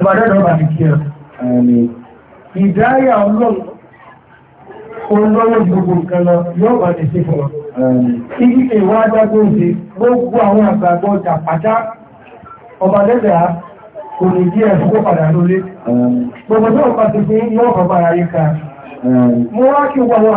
Ìdáyà ọlọ́run olówó gbogbo nǹkan lọ yóò bá ti ṣe fún wọn. Ibi kè wá dágbó ṣe gbogbo àwọn àgbàgbọ́ jàpátá ọba dẹ́dẹ̀ kò ní jí ẹ̀ fún padà lólé. Gbogbo tó ọ̀pá ti fi yóò bàbá ayé ka. Mo wá kí wọ àwọn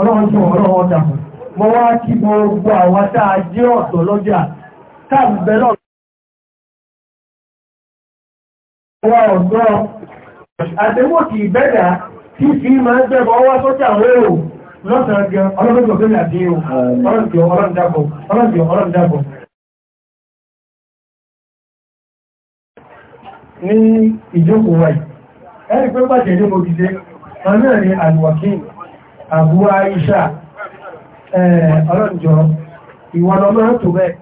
ọlọ́run tí wọ́n ọlọ́run dàmù wá kí gbogbo àwọn tá jẹ́ ọ̀tọ̀ lọ́jà káàbẹ̀ bẹ̀rẹ̀ wá ọ̀dọ́ àtẹ́wò kì bẹ́ẹ̀dà tí fi máa ń wá lọ́sàn-án tó bẹ̀rẹ̀ àti èrò ní ìjókòó ẹni pé Abu Aisha ọlọ́njọ́ ìwọ̀n ọmọ tó bẹ́ẹ̀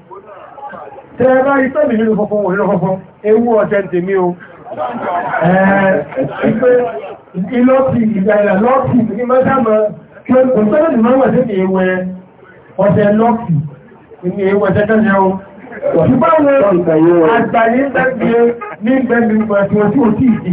tẹ́ bá rí tẹ́mì nínú fọ́fọ́ wọ̀n nínú fọ́fọ́ ewu ọ̀tẹ́ ń tèmi o ẹ̀ẹ́ ìlọ́pì ìgbàlá lọ́pì ní mẹ́sàmọ́ kí o tẹ́lẹ̀ ní mọ́wọ́ sí ìwẹ̀ ọ̀tẹ́ lọ́pì ní ìwẹ̀ tẹ́tẹ́jẹ́ o ṣùgbọ́n àgbàyé ń bẹ́ẹ̀ ní bẹ́ẹ̀ ní ìgbà tí ó tí ì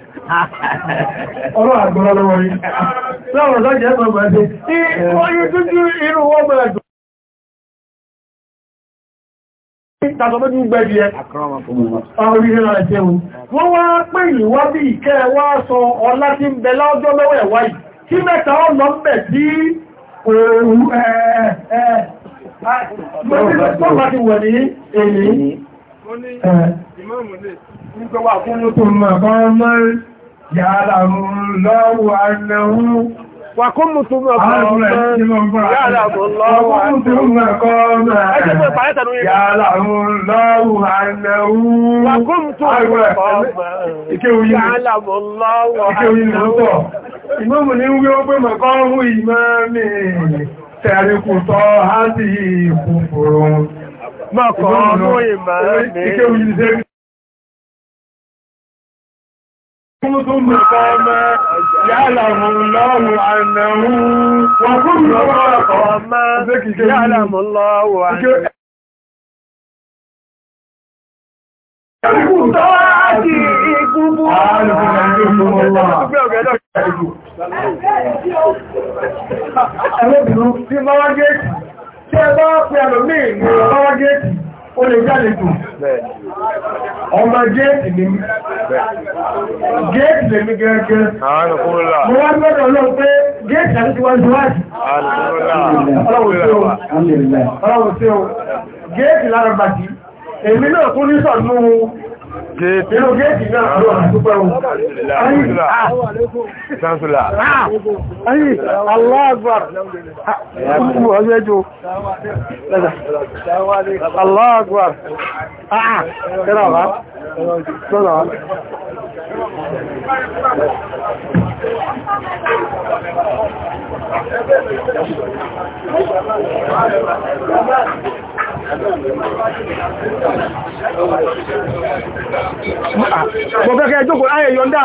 ọ̀rọ̀ àgbọ́rọ̀ lọ́wọ́ yìí lọ́wọ́ lọ́jẹ́ ẹ̀sọ̀ gbẹ̀ẹ́sẹ̀ tí oyún títí inú wọ́n bẹ̀rẹ̀ jù wọ́n wá wá bí ìkẹ́ wá sọ ọlá tí ń bẹ lọ́jọ́ ẹ̀wá yìí kí mẹ́ta ọ̀nà ń bẹ̀ nígbẹ́wà fún mútù mọ̀kọ́ mọ́ yàrá lọ́wọ́ anáwó wàkún mútù mọ̀kọ́ mọ́ yàrá lọ́wọ́ anáwó wàkún mútù mọ̀kọ́ mọ́ Tẹ̀rí kò tọ́ á sí ìkùnkùrùn. Mọ̀kọ̀ ọmọ ìmọ̀ ní. Ike òyìnbó ثم قام يعلم الله أنه وكل قام يعلم الله أنه Ẹlẹ́bìnú tí máa gẹ́ẹ̀kì, tí ẹ bá pẹ̀lú mí ní ọ̀rọ̀ gẹ́ẹ̀kì, ó lè jáde jù ọmọ géètì ní géètì lè mi gẹ́gẹ́ mo wá gbọ́dọ̀ lọ pé géètì àti ti wá ju wáàdì ọlọ́wọ̀ sí o géètì lára bàtí èmi náà kún ní sọ̀nù Gẹ́ẹ̀tì. Inú gẹ́ẹ̀tì náà lọ àtúpẹ́ ohun. Ṣánsùlá. Ayé, Aláàgbàr. Kúrò ọjọ́ ẹjọ́. Mo fẹ́ kẹ́ jókòó ayẹ yọ̀ndá,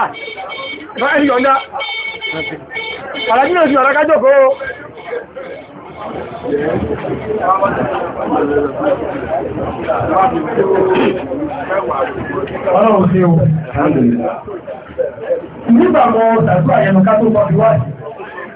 ẹni yọ̀ndá. Àlájí náà sí ọ̀rá ká jókòó. Ọlọ́run sí o. Nígbàmọ́ tàbí àyẹnù ká tó pọ̀ bí wáyìí.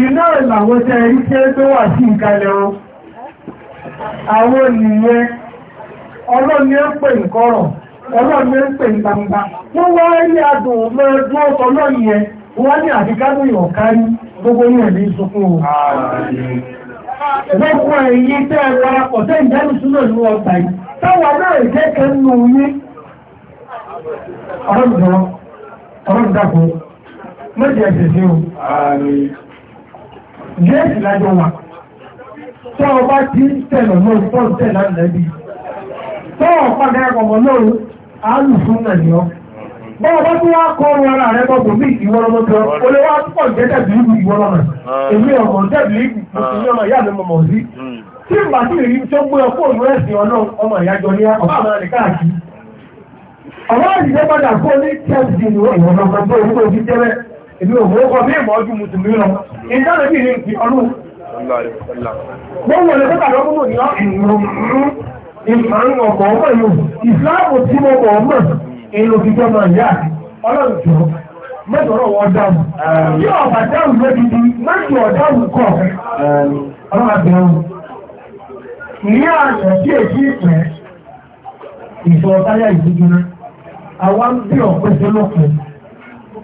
iná ìlàwọ́ tẹ́ rí tí ó tó wà sí ìkalẹ̀ o àwọn ènìyàn ọlọ́ni ń pè nkọrọ; ọlọ́ni ń pè gbangba wọ́n wá rí adùn mẹ́ẹ̀dún ọ̀tọ̀ lọ́yìn wọ́n ní àfikánú ìwọ̀kárí gbogbo ní ẹ̀mí sọkún ọ̀rọ̀ méjì gẹ́ẹ̀sì lájọ wà tọ́ ọba ti ń tẹ̀lọ̀ lóòrùn tọ́ ń tẹ̀lá nẹ́bí tọ́ ọ̀pá dẹ́gbọ̀mọ̀ lóòrùn alùfún nà ní ọ́ bọ́ọ̀ bá tí wọ́n kọ́ ọrùn ara rẹ̀ gbọ́gbọ̀ mí ìwọ́lọ́mọ́tọ́ olè wá pọ̀ jẹ́ tẹ̀bìlìgù ìwọ́lọ́mọ̀ èmi ọmọ ọmọ ìyá mi sí tí ìgbà tí èyí tó gbé ọkọ̀ òun ẹ̀sìn ọ̀nà ọmọ ní ọba káàkiri èmi ò mọ́kọ̀ mí ìmọ̀ ọdún mùsùlùmí lọ ìdáre bí ní ti ọlọ́run gbogbo ọ̀lẹ́ pẹ́ta lọ́gbọ́n mọ̀ ní ìmọ̀ràn ọkọ̀ ọmọ ìlú ìsìláàmù tí mo kọ̀ ọmọ ìlú fíjọ́ máa yá ọlọ́run jọ mẹ́tọ̀rọ̀ wọ́n dáhùn tí ọ̀bà dáhùn lódìdí mẹ́tọ̀ ọ̀dáhùn kọ̀ ọlọ́run àbẹ̀wò ní àná tí èsì ìpẹ́ ìṣọ̀ táyà ìdíjúná àwọn bí ọ̀pẹ́ sọ́lọ́pẹ́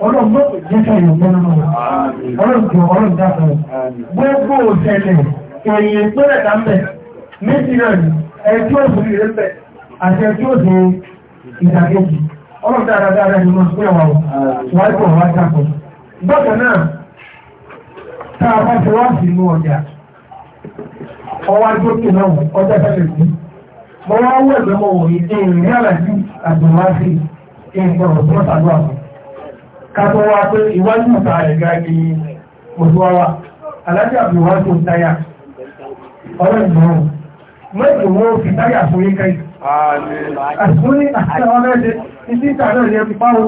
ọlọ́gbọ́n kò jẹ́ sẹ́yìn ọgbọ́n náà ọlọ́gbọ́n ọlọ́gbọ́n dákun gbogbo òṣèlè èyí tó rẹ̀ dá ń bẹ̀ méjì náà ni ẹjọ́ òṣèlú rẹ̀ ń bẹ̀ àti ẹjọ́ òṣèlú ìdàkejì ọlọ́gbọ́n dáadáa rẹ̀ ni wọ́n pè wà wáyé pọ̀ wá dákun tá a bá ti wá sí inú ọjà ọwọ́ ajókè náà ọjà fẹ́lẹ̀ sí mo wá wọ̀ ẹ̀gbẹ́ mọ̀ wòye ẹ̀yìn rí àlàjú àgbọ̀n sí ẹ̀yìn gbọ̀rọ̀ tó kátó wá pé ìwájú ìta ẹ̀gá ni òṣùwáwà alájẹ́ àbúwá tó táyà ọ̀rọ̀ ìgbọ̀rùn mẹ́jọ wọ́n fi táyà fún yíká yìí àṣìkún ní àṣìkún àwọn ẹ̀ṣẹ́ títí ìtàrí ẹ̀yẹ ti páró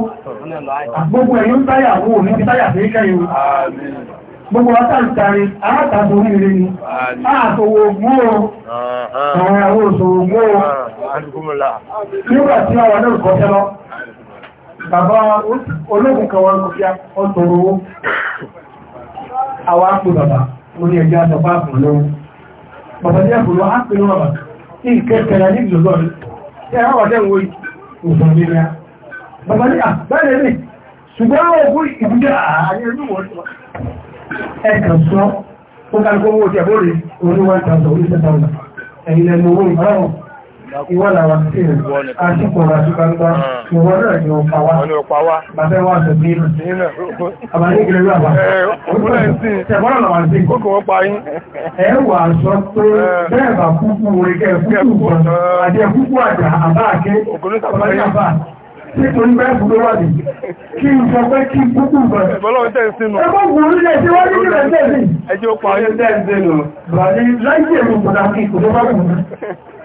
gbogbo ẹ̀yún táyà wò ní ti táyà fún yíká yìí gbogbo látàrí àátàtò oríire ni ààtòwò ogún o àwọn àwọn òṣòwò ogún o nígbà tí àwọn náà kọ́ tẹ́lọ́ bàbá ológun kan wọn kò fi ọ̀tọ̀rọ̀ owó àwọn àpò bàbá mo ní ẹjọ́ àtọ̀pá àpò lọ́wọ́ bàbá ní àpò lọ́wọ́ àpò lọ́wọ́ bàbá ní ìkẹ́kẹ̀ẹ́ ní ìlú lọ́rẹ́ tí ẹ̀rọ wà jẹ́ ìwò ìwòsàn ní ìrìn bàbá ní àbẹ́rẹ́ mi ṣùgbọ́n àwọn òkú ìbújẹ́ àárín ẹ̀rọ ẹ̀kàn sọ ó kálukọ́ owó ti àbórí orí 1000 orí ìwọ làwọn tí àṣìkòrò àṣìkàgbà ah. ìwọ náà ni ọ̀pá wá bàbẹ́ wà sọ bí inú àbáyégbèrè wà tẹ̀gbọ́n làwọn àti ẹ wà sọ pé eh. bẹ́ẹ̀ bá kúkú orí kẹ́ kúkú bọ̀ eh. àti ẹ̀kúkú àjà àbá àké ọ̀pọ̀lọpọ̀ nítorí bẹ́ẹ̀ fún lówà ní kí n sọ pé kí púpù bẹ̀rẹ̀. Bọ́lọ́wọ́ tẹ́ sínú. Ẹgbọ́n wò ó lẹ́ tí wọ́n ní kílẹ̀ tẹ́ sí. Ẹjọ́ pa ọyẹ́ tẹ́ sínú. Bàbá ní láìsí èrò kò dá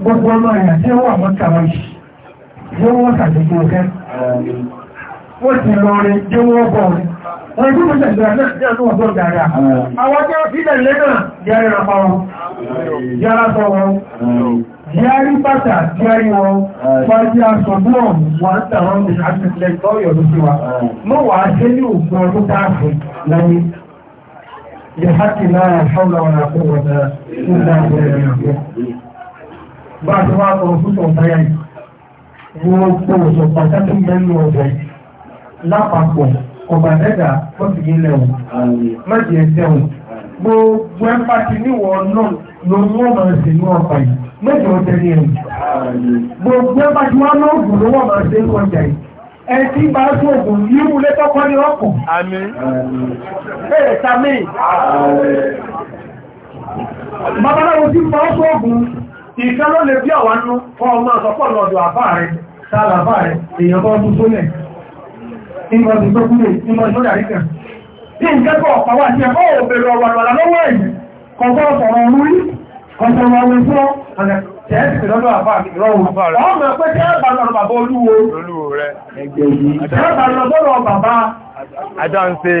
gbogbo ọmọ èèyàn tí ó wà mọ́kàwá yìí yóò wọ́n sàdégbò ọ̀kẹ́ wọ́n ti lọ rẹ̀ jẹ́ wọ́n bọ̀ rẹ̀ wọ́n tí ó sẹ̀dọ̀ náà jẹ́ ọdún ọ̀dọ́ dára àwọn tí ó fílẹ̀ lẹ́nà yẹ́rẹ̀ rọpa wọn yára sọ wọn yárí bàtà yárí wọn fàájí asọ̀dún ọ̀hún wọ́n tàwọn ní àtìlẹ̀ lọ́yọ̀ ló sí wa mọ́ wà á ṣe ní òkun ọdún táàfù lẹ́yìn yẹ bá a ti wá lọ fún ọ̀tayà yìí gbogbo òṣò pàtàkì mẹ́nu ọ̀bẹ lápapọ̀ ọ̀bà dẹ́gà ó sì yé lẹ́wọ̀n mẹ́jì ẹ̀sẹ̀ wọn gbogbo ẹ̀pá ti níwọ̀ náà ló ń wọ́n máa ṣe ní ọ̀pá yìí mẹ́jì ọ̀tẹ̀ ní ẹ̀yìn gbogbo ẹ̀pá ti wá náà ògùn ló wọ́n máa ṣe ní ọjà yìí ẹtí bá tó ògùn yíwú lẹ́tọ́kọ́ ní ọkùn àmín bẹ́ẹ̀ ta mí babaláwo ti fọ́ ọ́ ìkan ló lè bí àwọn nú fún ọmọ àsọpọ̀ lọ́dọ̀ àbá rẹ̀ sáàlà àbá rẹ̀ èèyàn bọ́ mú sólẹ̀ nígbà tó kúrò nígbà tó dàrí kan bí n kẹ́kọ̀ọ́ ọ̀pọ̀ wá sí ẹ̀kọ́ òbèrè ọ̀rọ̀ àlọ́lá lọ́wọ́ ẹ̀yìn kọ̀ọ̀kọ́ sọ̀rọ̀ orí kọ̀ọ̀kọ́ wọn fún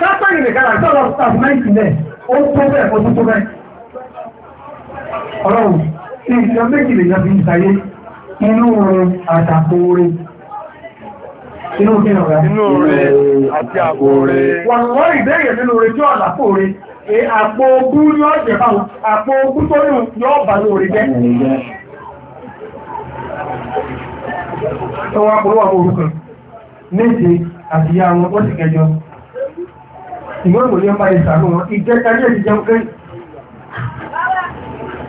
kápẹ́rì nìkan àti ọ̀rọ̀ sàfúmẹ́ǹtì náà ó tó bẹ́ẹ̀ ọdún tó bẹ́ẹ̀. ọlọ́run tí ìṣẹ́ méjì lè yọ inú orin àtàkó orin inú kí àti àpò orin wọ́n wọ́n ìbéèrè nínú orin tí ọ̀là pò orin àpò ogún ní ọ̀jẹ̀ báwọn àpò ogún tó bà àwọn méje àti ìyá wọn ó kẹjọ ìmọ̀ràn ní ọba ìsàánú wọn ìjẹ́ ayé ti jẹun kẹ́rì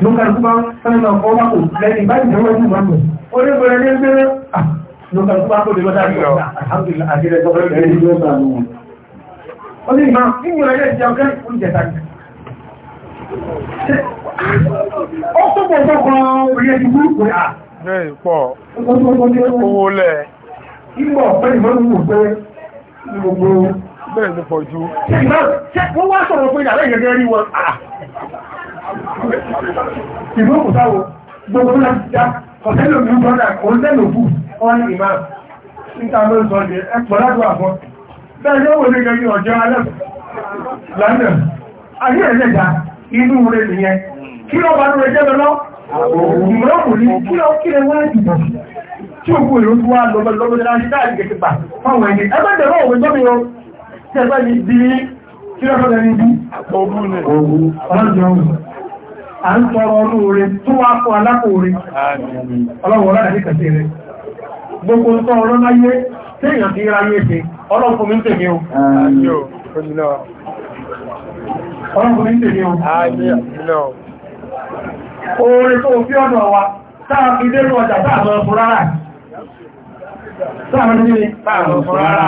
ló ká lókùbá sánúlọ ọkọ̀ wá kò lẹ́yìn báyìí jẹun ẹ̀kú mọ́mù ó lé bẹ̀rẹ̀ ní ẹgbẹ́ ló ká lókùbá kò lè lọ́dá rí ọ àtìlẹ̀ tọ́kọ̀ lẹ́yìn ló ń sàánú wọn. ó ní ìmọ̀ ìmọ̀ràn ayé ti jẹun kẹ́rì ó ń jẹta jẹ. ó tó bọ̀ tó kan orí ẹni burúkú rẹ̀ à. bẹ́ẹ̀ pọ̀ owó lẹ̀. ìmọ̀ ọ̀pẹ́ ìmọ̀ bẹ́ẹ̀ ló pọ̀ jù. wọ́n wá sọ̀rọ̀ pé ìdàlẹ́ ìgẹ́gẹ́ rí wọn. ìlú kò sáwọ gbogbo náà ti dá ọ̀tẹ́lò mi gbọ́dà òǹtẹ́lò bù ọ́n ìmá níta ló ń sọ yẹ ẹ pọ̀ láti wà fún. bẹ́ẹ̀ ló wò ní gẹ́gẹ́ ọjọ́ alẹ́ lánàá ayé ẹ̀ lẹ́ga inú rẹ̀ nìyẹn kí lọ́ba ló rẹ̀ jẹ́ lọ́lọ́ ìmọ̀ràn ní kí lọ́ kí lẹ́ wá ìbò tí òkú ìlú tó wá lọ́bẹ̀lọ́bẹ̀ láti dáàbì gẹ̀gẹ̀ gbà fáwọn ẹni ẹgbẹ́ tẹ́gbẹ́ mi tó fi ọ̀dọ̀ wa táà fi dé ọjà táà lọ fún rárá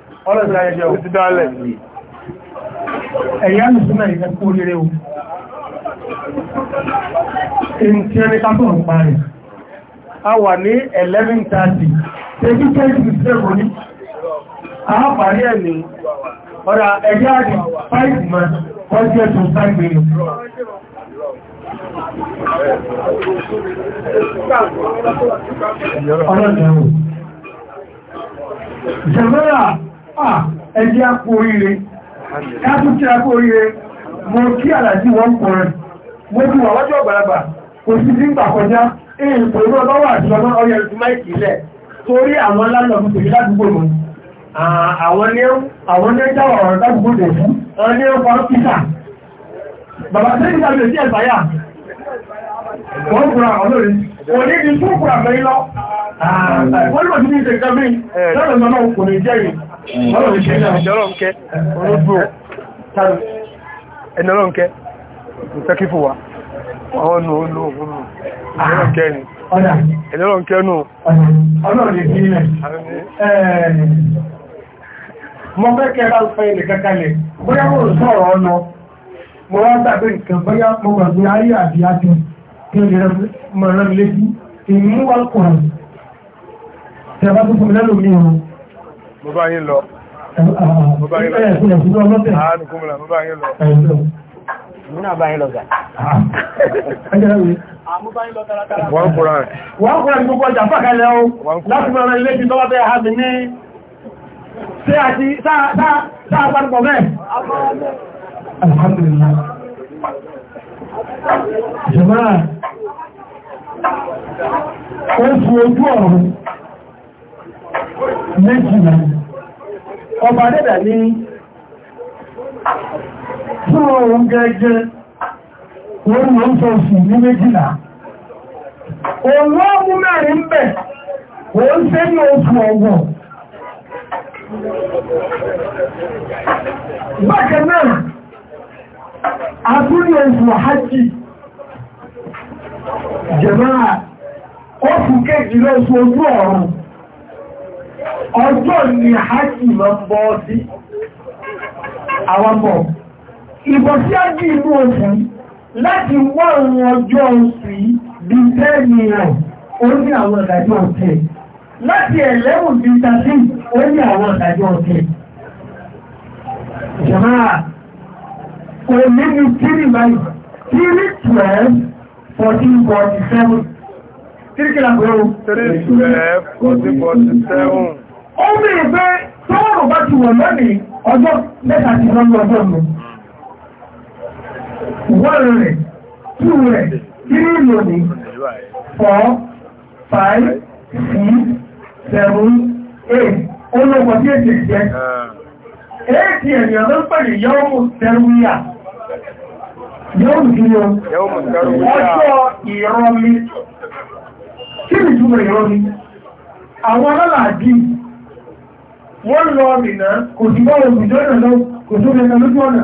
ọlọ́dún a wà ní 11:30 tẹ́kí tẹ́kí ìsẹ́kù ní àápàrí ẹ̀ ní ọ̀rà ẹ̀yà àti 5 man wọ́n jẹ́ tó sáàgbé ní ọlọ́dún ẹ̀wọ̀n jẹ́mọ́ra ẹjẹ́ àpò oríire káàkiri àpò oríire mo kí àlàjí wọ́n pọ̀ rẹ̀ mo ti wà wájú ọ̀gbàlagbà kò sí sí gbà kọjá èyí pẹ̀lú ọba wà àti ọmọ ọyọ ìlú máìkì ilẹ̀ torí àwọn lálọ́mù tèmi ládùúgbò mọ́ àwọn ní àwọn ní dáwọ̀ ọ̀rọ̀ ládùúgbò dè fún àwọn ní ọkọ̀ pítà bàbá sẹ́yìn ìdájọ́ sí ẹ̀sáyà wọ́n kura ọlọ́rin òní ni tó kura mẹ́lọ́ wọ́n lọ́dún ní ìṣẹ̀ká bí lọ́dún náà kò ní jẹ́ yìí lọ́dún ìṣẹ̀lẹ̀ olóògbò tàbí ẹ̀nọ́lọ́nkẹ́ ìtẹ́kífò wa àwọn ọ̀nà olóògbò ẹ̀nọ́lọ́nkẹ́ ni ẹ̀nọ́lọ́nkẹ́ nù mo fẹ́ kẹ́ra fẹ́ ilẹ̀ mo sọ̀rọ̀ ọ̀nà mo wá tàbí nǹkan bóyá mo gbàgbé ayé àbíyá jù kí n lè mọ̀ràn létí ìmú wa kùnrin tẹ̀bá tó fún mi lẹ́lò mi o. mo bá yín lọ. mo bá yín lọ. ẹ̀ ẹ̀ fún ọlọ́tẹ̀. àánú kúmùlà mo bá yín lọ. ẹ̀ lọ. mo náà bá yín lọ gà. wọ́n kúra rẹ̀. wọ́n kúra ní gbogbo ọjà fàkàlẹ̀ o láti mọ̀ràn ilé ti lọ́wọ́ bẹ́ẹ̀ hábi ní ṣé àti sáà pàdùpọ̀ bẹ́ẹ̀. alhamdulillah. jọ̀mọ́ra ó fún ojú ọ̀run méjìlá ọba dẹ́dà ní fún ohun gẹ́gẹ́ wọ́n mọ́ ń ní méjìlá òun mẹ́rin bẹ̀ ṣe ní oṣù ọ̀wọ̀ bákan náà a oṣù hajji jẹ̀máà oṣù kejì lọ́sù ojú ọ̀run ọjọ́ ni hajji ma ń bọ́ sí àwọn bọ̀ ìbọ̀ sí ájì inú oṣù láti wá àwọn ọjọ́ oṣù bí tẹ́ẹ̀ni rẹ̀ ó ní àwọn ìdájọ́ ọ̀tẹ̀ láti ẹ̀lẹ́wùn bí tàbí ó ní àwọn ìdájọ́ ọ̀tẹ̀ jẹ́máà òní ni tírì báyìí tírì twelve fourteen forty seven kíríkìlá pẹ̀lú 347 ó bèèrè pé tọ́rọ̀ bá ti wọ̀n lọ́nìí ọjọ́ mẹ́ta ti rán lọ́jọ́ mú wọ́n rẹ̀ tí rẹ̀ kírí lónìí 4 5 6 7 8 olóòpọ̀ tí èsì jẹ́ èsì ènìyàn ló ń pẹ̀lú yọ́mù tẹ́rúyà yọ́mù kí ni ó ọjọ́ kí ni ìtumọ̀ ìrọ́ ni àwọn alálàájì wọ́n lọ kò sí bọ́ òbìjọ́ ìrìn lọ kò sí omi lójú ọ̀nà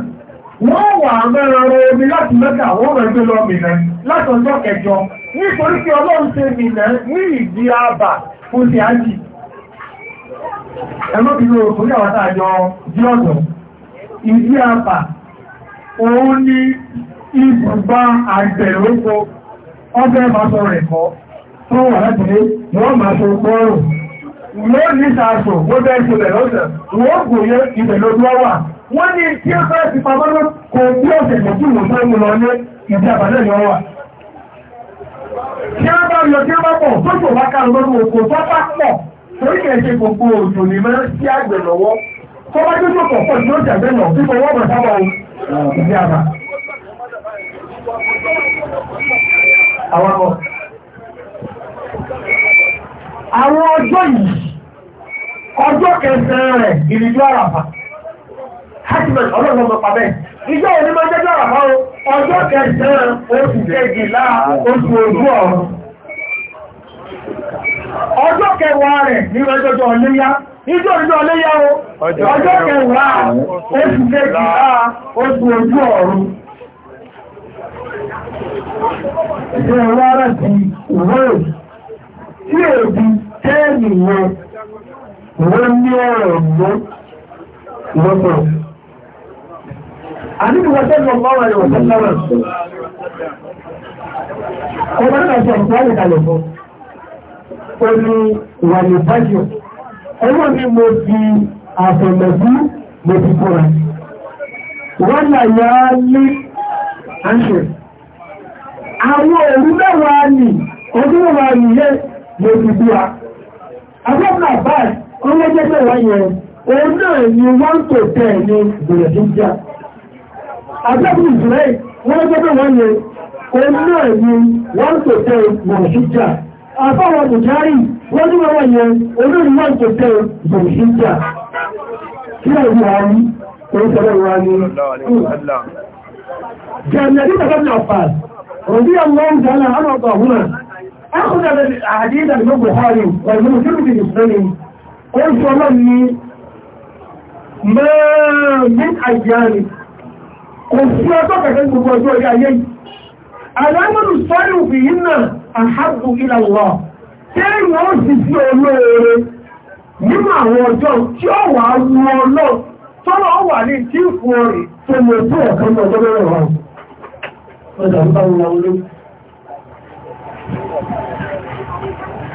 wọ́n wà omi láti mẹ́ta àwọn ọ̀rọ̀ ẹgbẹ́ lọ mìíràn láti ọjọ́ kẹjọ nítorí pé ọlọ́run ṣe mìíràn ní ìdí àbà àwọn jí ọ̀dọ̀ ìdí àbà òun ibùgbà tó wà láti lé wọ́n máa ṣe pọ́rùn wọ́n ní sàásọ̀ wọ́n bẹ́ẹ̀ ṣe bẹ̀rẹ̀ ọ̀sẹ̀ wọ́n kò yẹ ibẹ̀ lójú wà wọ́n ní tí ó fẹ́ ti pamọ́ ló kò bí ọ̀sẹ̀ méjì wò fẹ́ mú lọ ní ìdí àbálẹ̀ ni wà. tí a bá yọ tí a bá pọ̀ tó tó bá ká lọ́dún òkò tó bá pọ̀ torí kẹ̀ ṣe gbogbo òjò ní mẹ́rẹ́ sí àgbẹ̀ lọ́wọ́ tó bá tó tó pọ̀ pọ̀ tí ó jàgbẹ́ lọ bí wọ́n bọ̀ sábà ìdí àbá. àwọn akọ àwọn ọjọ́ yìí ọjọ́ kẹsàn-án rẹ̀ ìrìnjú àràfà hajjibet ọlọ́gbọ̀n mọ̀ pàbẹ́ ìjọ òní máa jẹ́jọ́ àràfà o ọjọ́ kẹsàn-án oṣù kejìlá oṣù ojú ọ̀run ọjọ́ kẹwàá rẹ̀ ní ọjọ́jọ́ ọléyá ìjọ ìjọ ọléyá o ọjọ́ kẹwàá oṣù kejìlá oṣù ojú ọ̀run Ìjọ ìwárẹ̀ ti ìwé òṣù tí èdè tẹ́ẹ̀mì wọn wọ́n ní ọ̀rọ̀ mọ́ lọ́pọ̀. Àníbi wọ́n tẹ́lọ mọ́ra rẹ̀ wọ́n tẹ́lọ́rọ̀. Ọmọ náà sọ ìpínlẹ̀ kalẹ̀ fún. Ó ní wà ní bájọ̀. Ẹwọ́ ni mo fi àfẹ̀mẹ̀bú mo fi kúra. Wọ́n là yá ní àṣẹ. Àwọn òru mẹ́wàá nì, ọdún mẹ́wàá nìyẹn ló ti búra. Abẹ́bùnà báyìí, ọlọ́jọ́ mẹ́wàá yẹn, òun náà ni wọ́n tó tẹ̀ ní ìbẹ̀rẹ̀ tó jẹ́. Abẹ́bùnà Ìsìlẹ̀ ọlọ́jọ́ mẹ́wàá yẹn, òun náà ni wọ́n tó tẹ̀ ìbẹ̀rẹ̀ tó jẹ́. Àbáwọn Bùjárì, wọ́n ní wọ́n yẹn, òun náà ni wọ́n tó tẹ̀ ìbẹ̀rẹ̀ tó jẹ́. Kí ló ń wá ní? Òun sọ̀rọ̀ wá ní. Jẹ̀mẹ̀rí bàbá mi àfà, òun أخذ الحديث من البخاري والمسلم في مسلم قلت والله ما من أيام kòsí ọjọ́ kẹ̀kẹ́ gbogbo ọjọ́ orí ayé yìí alámọ́nù sọ́rọ̀ fi yí náà àhábù ìlàwọ̀ tí èyàn ó nínú àwọn ọjọ́ tí ó wà wú ọlọ́ tọ́lọ́ wà ní tí fún ọrẹ̀ tó mọ̀ tó ọ̀kan ní ọjọ́ mẹ́rẹ̀ wọn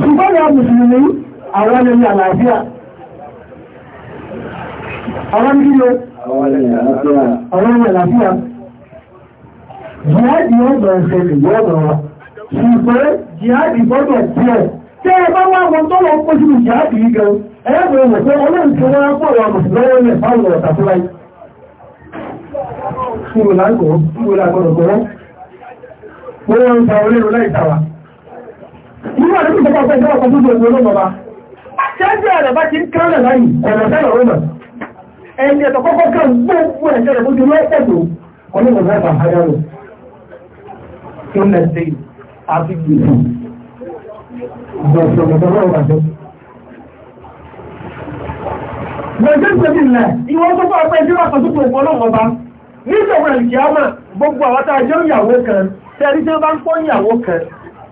ṣùgbọ́n ya mùsùlùmí àwọn ẹni àlàáfíà àwọn nílò àwọn ẹni àlàáfíà jihadi ọ̀dọ̀ ìṣẹ̀lẹ̀ yọ́dọ̀ wa ṣùgbọ́n jihadi gbọ́dọ̀ díẹ̀ tẹ́ ẹ bá wá wọn tọ́lọ pọ̀ sí jihadi yìí gan ẹgbẹ̀rẹ̀ mọ̀ pé ọlọ́run tí wọ́n pọ̀ wà mùsùlùmí lẹ̀ fáwọn ọ̀tà tó láyé Fúrò lágbọ̀ọ́, fúrò lágbọ̀ọ́ nínú àdúgbò tó bá fẹ́ ìjọba kan gbogbo ìwé lọ́mọ bá ṣẹ́jẹ́ rẹ̀ bá ti ń kánlẹ̀ láyìí ọ̀nà sẹ́lẹ̀ ọ̀nà ẹni ẹ̀tọ́ kọ́kọ́ kan gbogbo ẹ̀ṣẹ́ rẹ̀ bójú lọ́pọ̀ tó gbogbo ń pọ́ ìyàwó kan,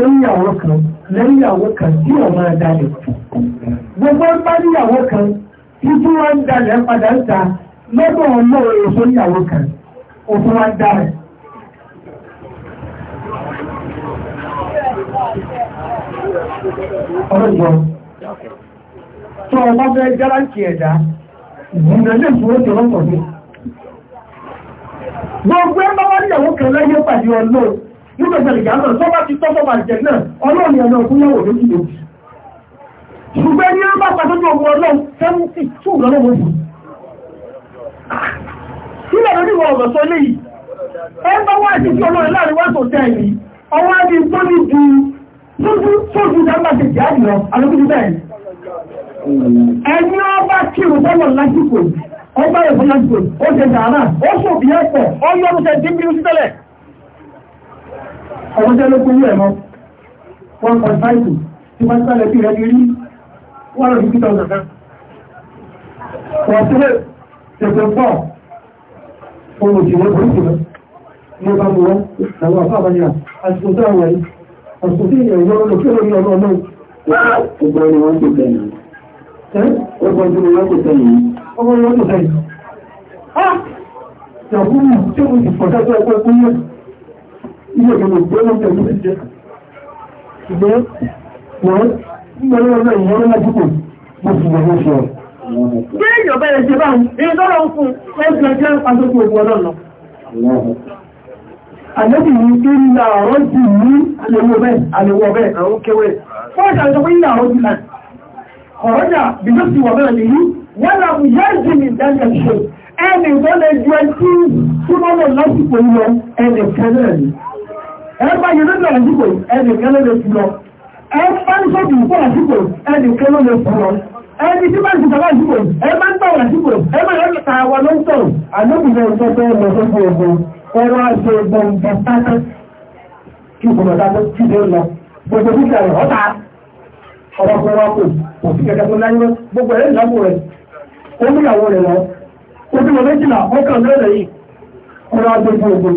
oníyàwó kan lẹ́yìnyàwó kan tí wọ́n máa dalẹ̀ gbogbo ń bá níyàwó kan tí tí wọ́n ń dalẹ̀ padà ń ta lọ́dọ̀ èso níyàwó kan òfin wa ń dalẹ̀. ọlọ́jọ́ tó ọmọ ẹ̀dá ìgbìmọ̀ ilé gbogbo bá níyàwó kan lẹ́yìn pàdé nígbà ìṣẹ̀lẹ̀ ìyá náà sọ́bà ti tọ́ sọ́bà ìjẹ̀ náà ọlọ́run ẹ̀nà òkúnyàwó méjì méjì ṣùgbẹ́ ní ọba pàtàkì ọmọ ọlọ́run seventy two lọ́lọ́wọ́ jù sílẹ̀ lórí wọn ọ̀rọ̀ sọ léyìí ẹ bá wá sí sí ọlọ́run láàrin wọ́n tó tẹ́ ẹ̀yìn ọwọ́ ẹni tó ní ju lójú sójú dáńgbà ti jẹ́ àdìlọ alókùnjú bẹ́ẹ̀ ẹni ọba kírun bọ́lọ̀ lásìkò ọba ẹ̀fọ́ lásìkò ó ṣe sàárà ó ṣòbí ẹ̀pọ̀ ọyọ́rùn ọmọdé ló kú ẹ̀mọ́ one tí wọ́n sálẹ̀ sí rẹ̀ rí one hundred fifty thousand náà pọ̀ fún òjìlẹ̀ oríṣi lọ ní ọba mú wọn àwọn àbá àbáyé àsìkò àwọn yìí ilé ìgbìmọ̀ tó ń tẹ̀lé ìjẹ́ ṣùgbọ́n wọ́n ń gbọ́nà ọ̀nà ìyẹn ńlá dúkù mo sì wọ́n fún ọ. Bí èèyàn bẹ̀rẹ̀ ṣe bá ń rí tọ́lọ̀ ń fún ẹgbẹ́ jẹ́ pàtókò ogun ọlọ́nà. Àlébì ní kí ń la ọ̀rọ̀ sí ní àlewọ̀ bẹ́ẹ̀ àlewọ̀ bẹ́ẹ̀ àwọn kéwẹ̀. Fọ́ọ̀dà ń sọ pé ìlà ọ̀rọ̀ sí láti. Ọ̀rọ̀dà bí ló ti wọ̀ bẹ́ẹ̀ nìyí, wọ́n làwọn yẹ́ ìjìnlẹ̀ ìdájọ́ ṣe. Ẹnì tó lè ju ẹtí tí wọ́n lọ lásìkò yọ ẹnì kan náà ni ẹgbà yìí lọ́dọ̀ àdúgbò ẹnìkan ló lè fún lọ ẹgbà ń sọ́dù fún àdúgbò ẹnìkan ló lè fún lọ ẹni tí bá ń sọ̀rọ̀ àdúgbò ẹgbà ń tọ̀rọ̀ àdúgbò ẹgbà ń ta àwọn ló ń tọ̀rọ̀ àdókùnrin ọ̀sẹ̀ tó ń lọ sọ́dọ̀ ọ̀gbọ̀n ọ̀rọ̀ àti ọ̀gbọ̀n bàtàkà kí ìgbọ̀n bàtàkà kí ló lọ gbogbo dúkìá rẹ̀ ọ̀tá ọ̀rọ̀kùnrin wa kò kò sí kẹ̀kẹ́ tó láyé gbogbo ẹ̀ ìyàwó rẹ̀ ó ní ìyàwó rẹ̀ lọ ó bí wọn méjìlá ọkàn lọ́rẹ̀ yìí ọ̀rọ̀ àti ọ̀gbọ̀n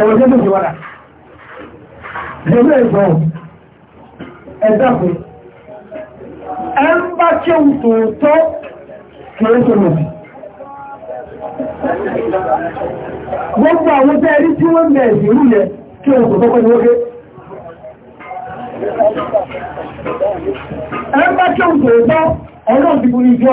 ẹ̀wọ̀n tó tòṣì wàrà jẹ́mẹ́ ẹ̀gbọ́n ẹ̀dàpẹ́ ẹ ń bá kéwù tòótọ́ kìí tó lòdì gbogbo àwọn tẹ́ rí tí wọ́n bẹ̀ẹ̀ sí rúlẹ̀ kéwù tòótọ́ pẹ̀lú oké ẹ ń bá kéwù tòótọ́ ọlọ́ọ̀dìbò ní ìjọ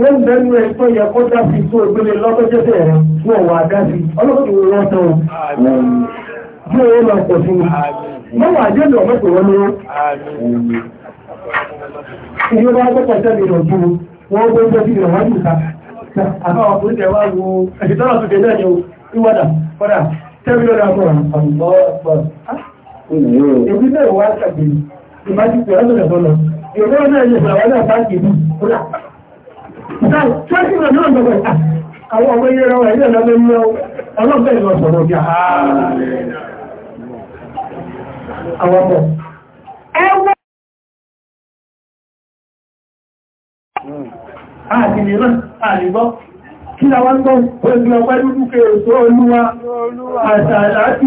wọ́n bẹ̀rù ẹ̀ tó yẹ kó dáfi tó ìgbélé lọ́tọ́jẹ́sẹ̀ rẹ̀ fún ọ̀wà dáfi ọlọ́pọ̀ ìwọ̀n tán bí ó lọ pọ̀ sí mọ́wàá jẹ́ lọ mọ́pọ̀ wọn lọ́wọ́ ìyọ́ bá pọ́pọ̀ sẹ́bì lọ jù wọ́n gbé jẹ́ sí ìrọ̀wájú ìta àwọn ọkùnrin tẹ̀wá wo ẹ̀sìn tọ́lá tó tẹ̀lé ẹ̀yẹ ìwádà kọ́dà tẹ́bí lọ́dà fọ́ra èmi náà wá sàgbé ìmájú pẹ̀lú ọ̀dọ̀ Ṣọ́ọ̀ṣì rẹ̀ náà àwọn ọmọ ilé rẹ̀ ilé ọ̀lọ́gbẹ̀ ní ọlọ́gbẹ̀ ìlọ Ẹwọ́ àdìmì náà kí la pẹ̀lú ọpẹ́ dúdú àtàlátì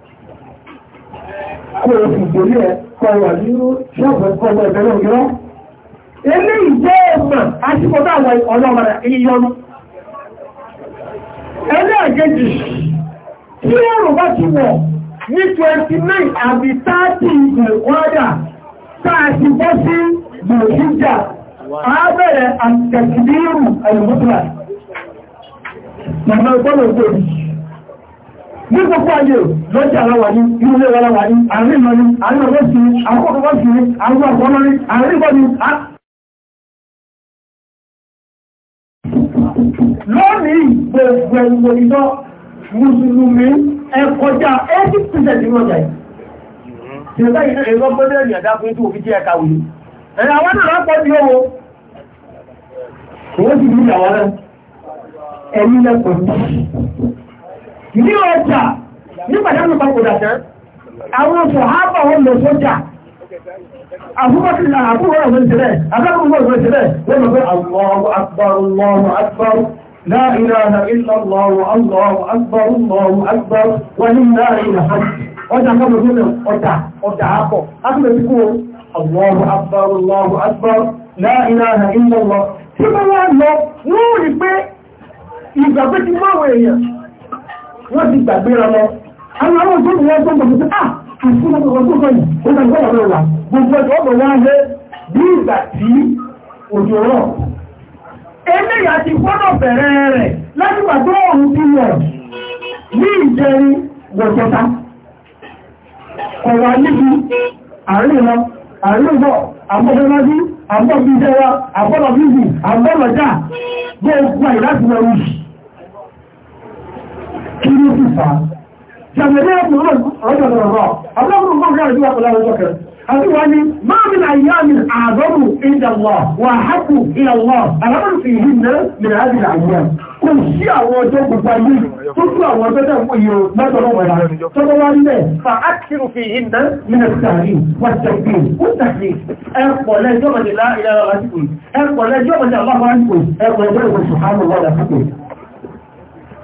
kó o sì gbèrè ẹ̀ kọ wà nínú ṣọ́ọ̀bù ẹ̀kọ́ ọmọ ìbẹ̀rẹ̀ òyìnbó. eléyìí jẹ́ ọmọ àṣìkọ́tà àwọn ọlọ́mọdà ìyọnu. ẹlẹ́ẹ̀kejì tí ẹ̀rùn bá ti wọ̀ ní 29 àbí 30 ìgbẹ̀kọ́dà táà ti bọ́ sí gbòṣíjà ààbẹ̀rẹ̀ àtẹ̀kìdírù ẹ̀lùmọ́tìlá. Màmá ìgbọ́nà ògbò yìí ní gbogbo ayé lọ́jà aláwà ní ilé aláwà ní àárín ìlọ ní àárín ọ̀rọ̀ sí àwọn ọ̀rọ̀ sí àwọn àgbọ̀nà ní àárín ìbọn ní. lónìí gbogbo ẹ̀wọ̀ ìlọ mùsùlùmí ẹ kọjá eighty percent ní ọjà yìí. ṣèlú báyìí náà èrò gbọ́dọ̀ ènìyàn dákun tó fi jẹ́ ẹ̀ka wòye. ẹ̀rọ àwọn náà lápọ̀ di owó. òun ti di ìyàwó náà ẹ̀yìn lẹ́kọ̀ọ́ ní ọjà nígbàdánù papòdà tán àwọn oṣù hápà wọn lọ sójà àbúkọ́sí náà àbúrò ọ̀rọ̀ ìṣẹ̀lẹ̀ àbẹ́kùnkùn ọ̀rọ̀ ìṣẹ̀lẹ̀ wọ́n mọ̀ pé Allahu akbar Allahu akbar la ilaha illa Allahu Allahu akbar Allahu akbar wa lillahi alhamd ọjà kọ́mọ̀ tó lè ọjà ọjà àpọ̀ ápùlẹ̀ tí kú Allahu akbar Allahu akbar la ilaha illa Allah tí wọ́n wá lọ wọ́n rí pé ìgbàgbé ti máa wọ èèyàn wọ́n ti gbàgbé lọ lọ àwọn àwọn òṣèlú wọn tó ń bọ̀ sí ah àti wọn kò tó kọyìn ó kàn gbọ́dọ̀ lọ wà gbogbo ẹ̀dọ́ ọ̀bọ̀ wọn lé bí ìgbà tí òjò rọ̀ eléyà ti gbọ́dọ̀ bẹ̀rẹ̀ rẹ̀ láti wà tó ọ̀run ti wọ̀ ní ìjẹrin wọ̀jọta ọ̀wà níbi àárín wọn àárín bọ̀ àbọ̀dọ́lájú àbọ̀bíjẹwa àbọ̀lọ̀bíjì àbọ̀lọ̀já gbogbo àìláti wọ̀rùsì kí ní sì fà á jàmẹ̀lẹ́ ọ̀pọ̀ ọ̀rọ̀ ọ̀rọ̀ ọ̀rọ̀ ọ̀pọ̀lọpọ̀ nǹkan káàkiri wà pẹ̀lú ọjọ́ kẹrin àti wọ́n ní máa mi náà yá mi àádọ́rù ìdàlọ́ wà hákù ìlàlọ́ àlábàrù fi yìí ná mìíràn àti àyíyá kò sí àwọn ọjọ́ gbogbo ayé tó tún àwọn ọjọ́ tẹ̀ fún iye lọ́jọ́ lọ́wọ́ ya tọ́jọ́ wá nílẹ̀ fa ákìrù fi yìí ná mìíràn sàárì wà tẹ̀gbì ó tẹ̀gbì ẹ̀pọ̀ lẹ́jọ́ mọ̀lẹ́lá ìlàlọ́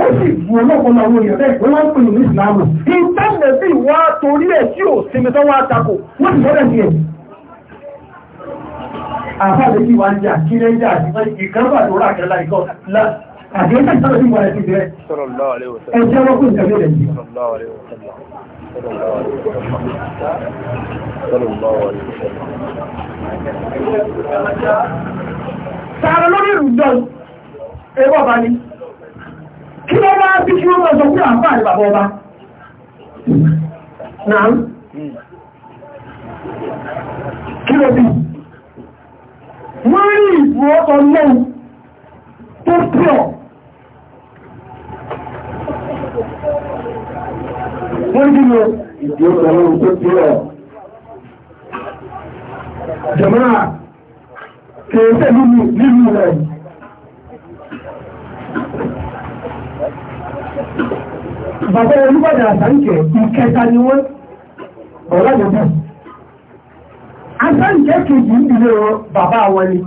ó sì bu ọlọ́pọ̀ náà wọ́n yẹ̀ bẹ́ẹ̀ wọ́n máa ń pè ní ìsìláàmù ìtẹ́lẹ̀ sí ìwà torí ẹ̀ tí ò sinmi tó wá takò wọ́n sì fọ́dẹ̀ sí ẹ̀ àfáàdé kí wá ń jà kí lẹ́ jà ìkẹ́rọ̀bà tó rà kẹ́lá ìkọ́ àdéhùn ìtọ́lẹ̀ sí ìwà ẹ̀ ti bẹ̀rẹ̀ kí ló bá bí kí wọ́n sọ pé àpá àti bàbá ọba náà kí ló bí wọ́n rí ìbò ọ̀tọ̀ lọ́wọ́ tó pọ̀ wọ́n rí lọ ìbò ọ̀tọ̀ lọ́wọ́ tó pọ̀ jẹ̀mọ́ra kèrèsẹ̀ nínú rẹ̀ bàbá olúbàdàn àsáǹkẹ̀ ìkẹta ni wọ́n ọ̀rọ̀ lọ́dún àsáǹkẹ̀ kejì ń bìlẹ̀ wọn bàbá wọn ni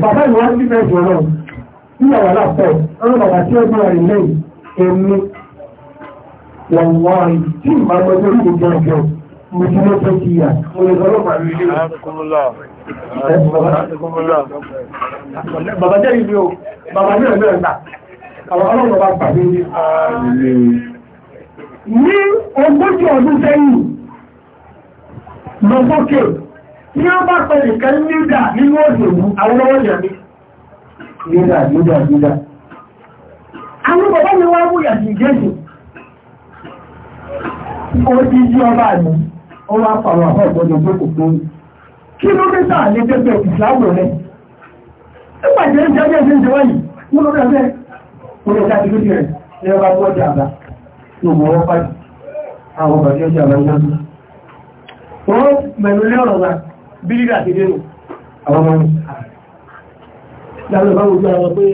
bàbá ìwádìí mẹ́jọ náà níyàwó aláàpọ̀ ọ̀rọ̀ bàbá tí ó gbọ́ rẹ̀ lẹ́yìn èmi wọ̀n wọ́n tí ìmọ̀ ọmọdé orí ìjọ ìjọ mo ti ló tó ti yà mo lè lọ́rọ̀ pàdé ilé bàbá jẹ́ ìlú o bàbá náà náà àwọn ọlọ́run bá pàdé ní ààrẹ ogójì ọdún sẹ́yìn lọ́sọ́kè tí wọ́n bá nígbà nínú òṣèlú àwọn ìyàmí nígbà nígbà nígbà àwọn ó ti jí ọba àmì ó wá pàwọn àwọn nígbà Wọ́n yẹ káàkiri lójú rẹ̀ ní ọba àwọn ọba àwọn ọmọ wọn. Lábẹ́ bá wojú àwọn pé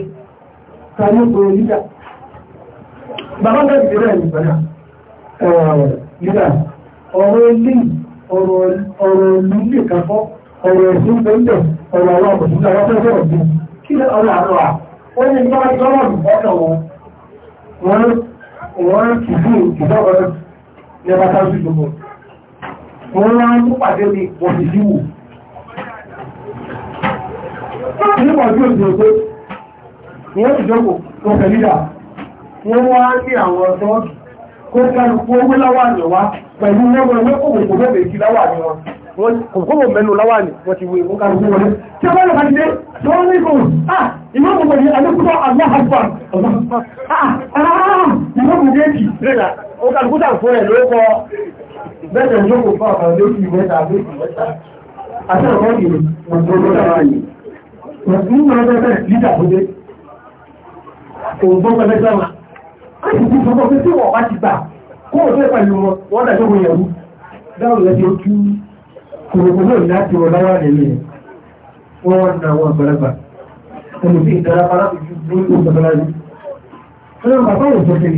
ta ní òkúrò lídà. Bàbá bá ti bẹ̀rẹ̀ ní ìgbàlá. Lídà, ọ̀rọ̀ ilé ọ̀rọ̀ ìlú lè kàkọ́, ọ̀rọ̀ ẹ̀sìn bẹ́ẹ̀ ọ̀rọ̀ ó ní tọ́lá tọ́lá ọ̀dọ̀ wọn wọ́n wọ́n kìí ìjọba ní ọba sáàsì gbogbo wọ́n wá ń pàdé ní wọ́n ti jọ́kò tó wọ́n wá ní àwọn ọ̀dọ́ kó kálukú owó láwà ní pẹ̀lú wọ́n wọ́n wọ́n kò wò kò sí láwà ní kòkòrò mẹ́nu láwà ní wọ́n ti wé wọ́n ká ní wọlé tí a bá lọ́pàá jẹ́ tó wọ́n ní kòrò ah ìmọ́ gbogbo ní alẹ́kùtọ́ aláhàgbà ìmọ́ gbogbo èkì rẹ̀lá ó ká lùkútà fún ẹ̀ ló kọ bẹ́ẹ̀ lókò fún àwọn olókì mẹ́ta lókì mẹ́ta àti ọ̀pọ̀ ìrìn wọ́n tó lọ́dà wáyé wọ́n tún mọ́ bẹ́ẹ̀ lídà tó dé òǹgbọ́n pẹ́lẹ́ sọ́wọ́n á sì ti sọ́kọ́ pé tí wọ́n wá ti gbà kó òṣèpẹ̀lú wọn wọ́n dàjọ́ wọn yẹ̀wú dáhùn lẹ́sẹ̀ ojú kùrùkùrù láti rọ láwà nílé wọ́n wọ́n na àwọn àgbàlagbà ẹnu sí ìdára alábìjú ní ìgbàgbàlájú ẹnu bàbá òun tẹ̀sẹ̀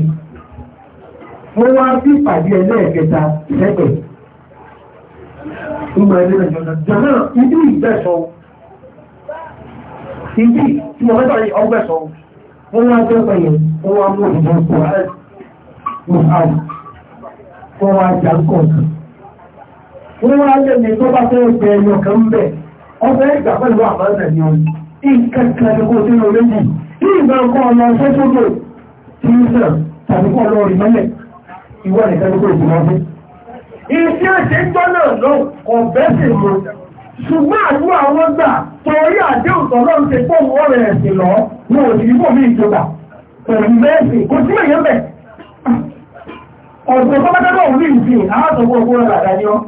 ni wọ́n wá sí ìpàdé ẹlẹ́ẹ̀kẹta lẹ́gbẹ̀ ìgbà ilé ìjọba jọ̀nà ìdí ìgbẹ̀sọ̀ ìdí tí wọ́n mẹ́ta yìí ọgbẹ̀sọ̀ wọ́n wá jẹ́ pẹ̀lú wọ́n wá mú ìbọn kò wọ́n wá lè ní tó bá fẹ́ jẹ ẹyọ kan bẹ̀ ọbẹ̀ ìgbà pẹ̀lú àmọ́nà ni ó ìkẹ́kẹ́ ní kó sínú méjì ní ìgbà ọkọ̀ ọmọ sọ́sọ́dọ̀ tí ń sàn tàbí kọ́ lọ rí mọ́lẹ̀ ìwọ nìkan ní kó sì lọ sí. iṣẹ́ àṣẹ jọ́ náà lọ kọ̀ bẹ́ẹ̀ sì mú ṣùgbọ́n àdúrà wọn gbà torí àdéhùn tọ́lọ́ ń ṣe pọ̀ wọ́n rẹ̀ sí lọ wọn ò sì ní pọ̀ mí ìjọba pẹ̀lú mẹ́sì kò sí èèyàn bẹ̀ ọ̀dọ̀ tó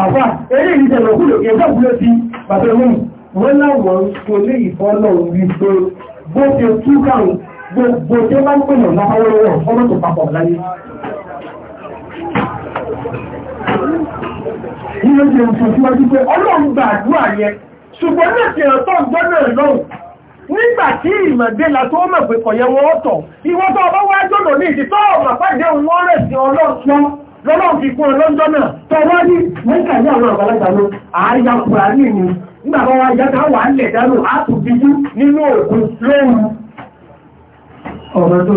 àfà eré ìjẹ̀lọ̀ kúlò ẹ̀jọ́ kúlò ti bàbá mú wọ́n láwọn ṣolé ìfọ́lọ̀ wípé bó ṣe túkàrùn gbogbo tí ó bá ń pè náà láwọ́wọ́ ọmọ tó papọ̀ láyé ilé ṣe ń fún síwájú pé ọlọ́run gba àdúrà yẹn ṣùgbọ́n náà ti ẹ̀rọ tó ń gbọ́ náà lọ́hùn nígbà tí ìmọ̀dé la tó mọ̀ pé kọ̀yẹ̀wọ̀ ọ̀tọ̀ ìwọ́n tó ọba wájọ́ lò ní ìdí tó ọmọ pàdé òun wọ́n rẹ̀ sí ọlọ́run lọ́lọ́run fi fún ọ lọ́jọ́ náà tó wá ní mẹ́ta ní àwọn àgbàlagbà lọ àáyá kùránì ni nígbà bá wá yàtá wà ń lẹ̀ àtùbíjú nínú òkun lóòrùn ọ̀rọ̀ tó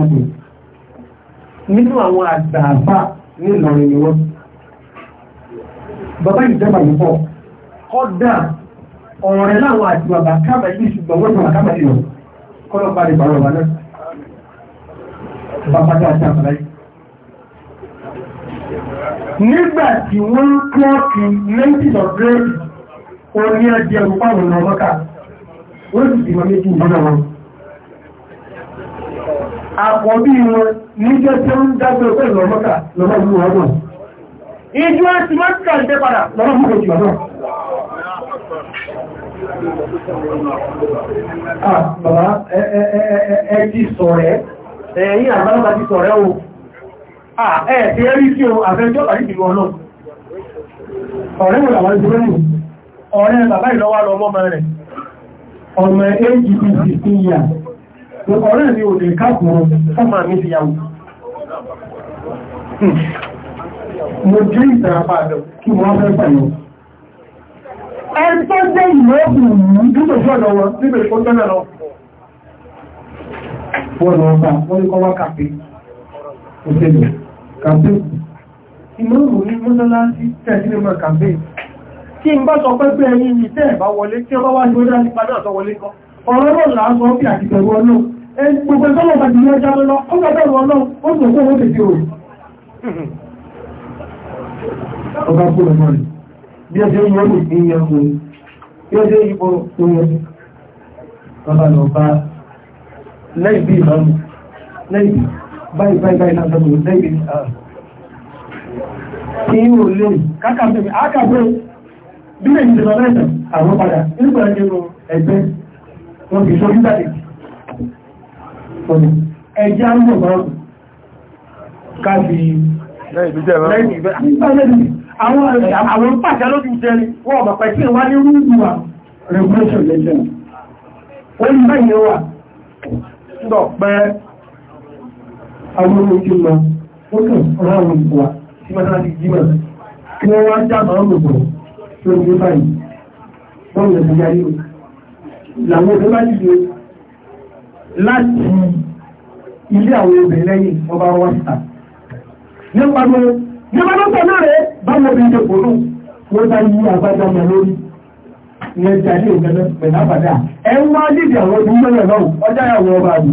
di nínú àwọn àgbààfà ní Ìlọrin ni wọ́n bàbá ìjọba yìí pọ̀ kọ́dà ọ̀rẹ́ láwọn àti bàbá kábà yìí ṣùgbọ́n wọ́n tọ́wà kábà yìí kọ́lọ́ bá bàbá náà bàbá nígbà àkọ́bí wọn níjẹ́ tí ó ń dágbé pé lọ́mọ́kà lọ́mọ́ ìlú wọn náà ìjú ẹ̀sì mọ́kà ìdẹ́ padà lọ́mọ́ mú kòjì ọ̀nà àbàbá ẹ ti sọ̀rẹ́ ẹ̀yìn àbálọ́bà ti sọ̀rẹ́ o ẹ̀ẹ̀tì ẹ̀rí sí o àfẹ́jọ́ pàdé ìlú ọlọ́ ọ̀rẹ́ wọ́n àwọn ìdúró nù ọ̀rẹ́ bàbá ìlọ́wà lọ ọmọ rẹ̀ ọmọ ẹgbẹ̀rẹ̀ ọ̀rẹ́ mi ò lè kákùnrù fọ́mà mi ti yàwó hmm. mo jẹ́ ìtàràpá àdọ̀ kí wọ́n fẹ́ pẹ̀lú ẹ̀tọ́ jẹ́ ìlú ọkùnrin nígbè fọ́dọ̀ wọn nígbè fọ́dọ̀ náà lọ wọ́n lọ bá wọ́n ní kọ́ wá kàpé òṣèlú kàpé ìmọ̀rùn ní mọ́sánláńtí tẹ̀sílẹ̀mọ̀ kàpé tí ń bá sọ pé pé ìtẹ́ ẹ̀bá wọlé tí ọ bá wá ní ó dá nípa náà tọ́ wọlé kan ọ̀rọ̀ náà sọ bí àti pẹ̀lú ọlọ́run Eh, gbogbo ìtọ́lọ̀ bàbí ní ọjà lọ ó gbọ́dọ̀ ó sì kó owó ọba kúrò náà bí ẹjẹ́ yìí ní iye bí ẹjẹ́ yìí bọ́ oye bàbá lọ bá ìbámu lẹ́yìn báyìí báyìí báyìí náà ah. kí n ò lè kákàpé bí ọ̀nà ẹjá ń bọ̀ báwọn káàbí àwọn pàṣẹ lójú jẹni wọ́n bàpẹ̀ tí wá ní rúrù wa regulation lẹ́jẹ̀ ó ní báyìí wà tọ́ pẹ́ àwọn ojú lọ ó kàn ráwọn ìwà tí mẹ́ta ti jímọ̀ kí wọ́n wá já máa ń lòpọ̀ lórí báyìí wọ́n lè fi yáyé làwọn ọdún báyìí láti ilé àwọn obìnrin lẹ́yìn ọba wọ́sà nípa ló náà rẹ̀ báwo bí ṣe kò wọ́n bá yí lórí ní ẹja ilé ìgbẹ́lẹ́ pẹ̀lú àbàdà ẹ ń wá àwọn obìnrin lọ́wọ́ lọ́wọ́ ọjà ìyàwó ọba mi.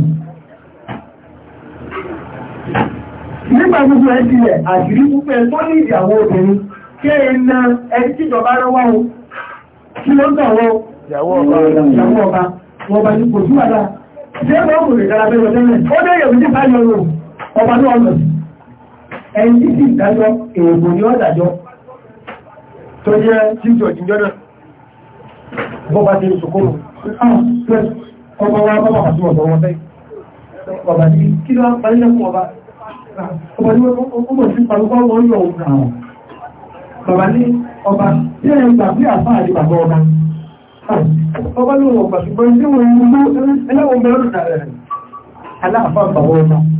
nípa gbogbo ẹ ti rẹ̀ àṣírí púpẹ̀ tó àwọn obìnrin kí ẹ na ẹni kí ló ń ìyàwó ọba ní kò sí Ṣé ẹgbẹ́ òkùnrin kára bẹ́ẹ̀ lọ́tẹ́lẹ̀? Ó dé yẹ̀wù ní bá yọrọ ọba ní ọ̀nà. Ẹni tí sì dájọ́ èèbò ní ọ̀dàjọ́ tó jẹ́ jíjọ jíjọ náà. Bọ́ba ti sòkòrò. Ọba wa bọ́ba pàṣẹ ọ̀dọ̀ wọn bẹ́ẹ̀. Ọba ní kí ló parí lẹ́kùn ọba? Ọba ní ó mọ̀ sí parúkọ́ wọn yọ òun náà. Bàbá ní ọba tí ẹ̀ gbà pé àfáà ní ọba. ọba ló wọ̀ pàṣùgbọ́n tí wọ́n ń gbó ẹlẹ́wọ̀n mẹ́rin ọba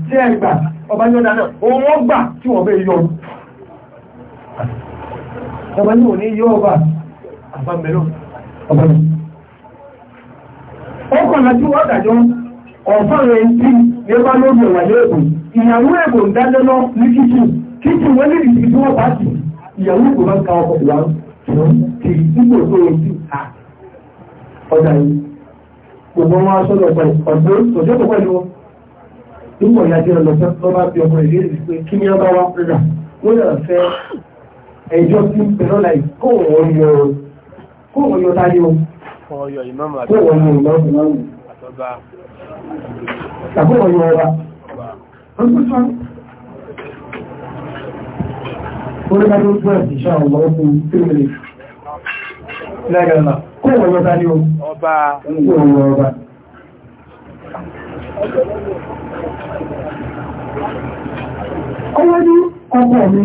tí ẹ gbà ọba yọ dáná òun wọ́n gbà tí ọkọ̀ ọ̀fọ́ rẹ̀ ń tí ìyàwó ní wọ́n ìyàwó ń ọkọ̀ ọjà yìí gbogbo wọn aṣọ́lọ̀ ọ̀dọ́ tòṣẹ́ tó pẹ̀lú wọn nígbà ìyá jẹ́ ọlọ́sẹ́ tó bá fi ọmọ ìlú ìlú pé kí ni ọba wa rẹ̀ wọ́n yà fẹ́ ẹjọ́ tí ń pè lọ́la kó wọ́n yọ kó wọ́n yọ táyé o kó wọ́n yọ ìmọ̀mù àtọ́ba tàbí wọ́n yọ ọba Oríkàtí ó gbọ́ ẹ̀sìn ṣáà ọ̀gbọ́n fún 3 minutes. Lẹ́gẹ̀ẹ́lá, kó wọ́n yọ táyé o ọba ọwọ́ ní ọkọ̀ mi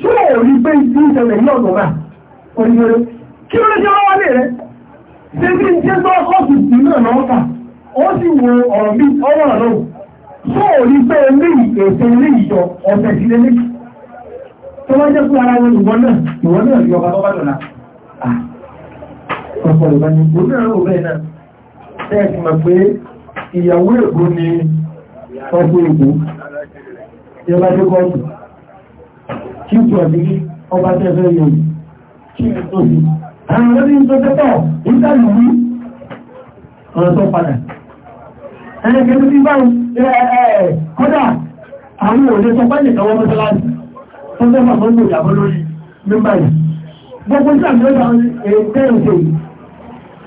ṣé òrí pé ìdí ìṣẹ̀lẹ̀ yìí ọ̀nà náà oríire kí ló jẹ́ wọ́n wálé rẹ̀ ṣé bí n jẹ́ tó ọkọ̀tù sí náà náà fà ó sì wo ọ̀rọ̀ mi ọwọ́ náà ṣé òrí pé eléyìí ètò eléyìí jọ ọ̀sẹ̀ sí lélẹ́yìí tó wá jẹ́ fún ara wọn ìwọ náà ìwọ náà ìjọba tó bá dọ̀la ah ọ̀pọ̀ ìbáni orí àrùn òbẹ́ náà tẹ́ẹ̀kì mọ̀ pé ìyàwó ègbó ni ọkọ̀ ègbó ìjọba tó kọ́ọ̀tù kí n tọ̀ sí ọba tẹ́ẹ̀fẹ́ yẹ̀ yìí kí n tó sí àwọn ọmọdé ń tó tẹ́tọ̀ ìtàlù yìí ọ̀rọ̀ tó padà ẹni kẹ́kẹ́ bí bá kọ́dà àwọn òde sọ pé nìkan wọ́n mọ́sálásì tó fẹ́ mọ̀ mọ́ ní ìyàbọ̀ lórí mímbà yìí gbogbo ìsàmì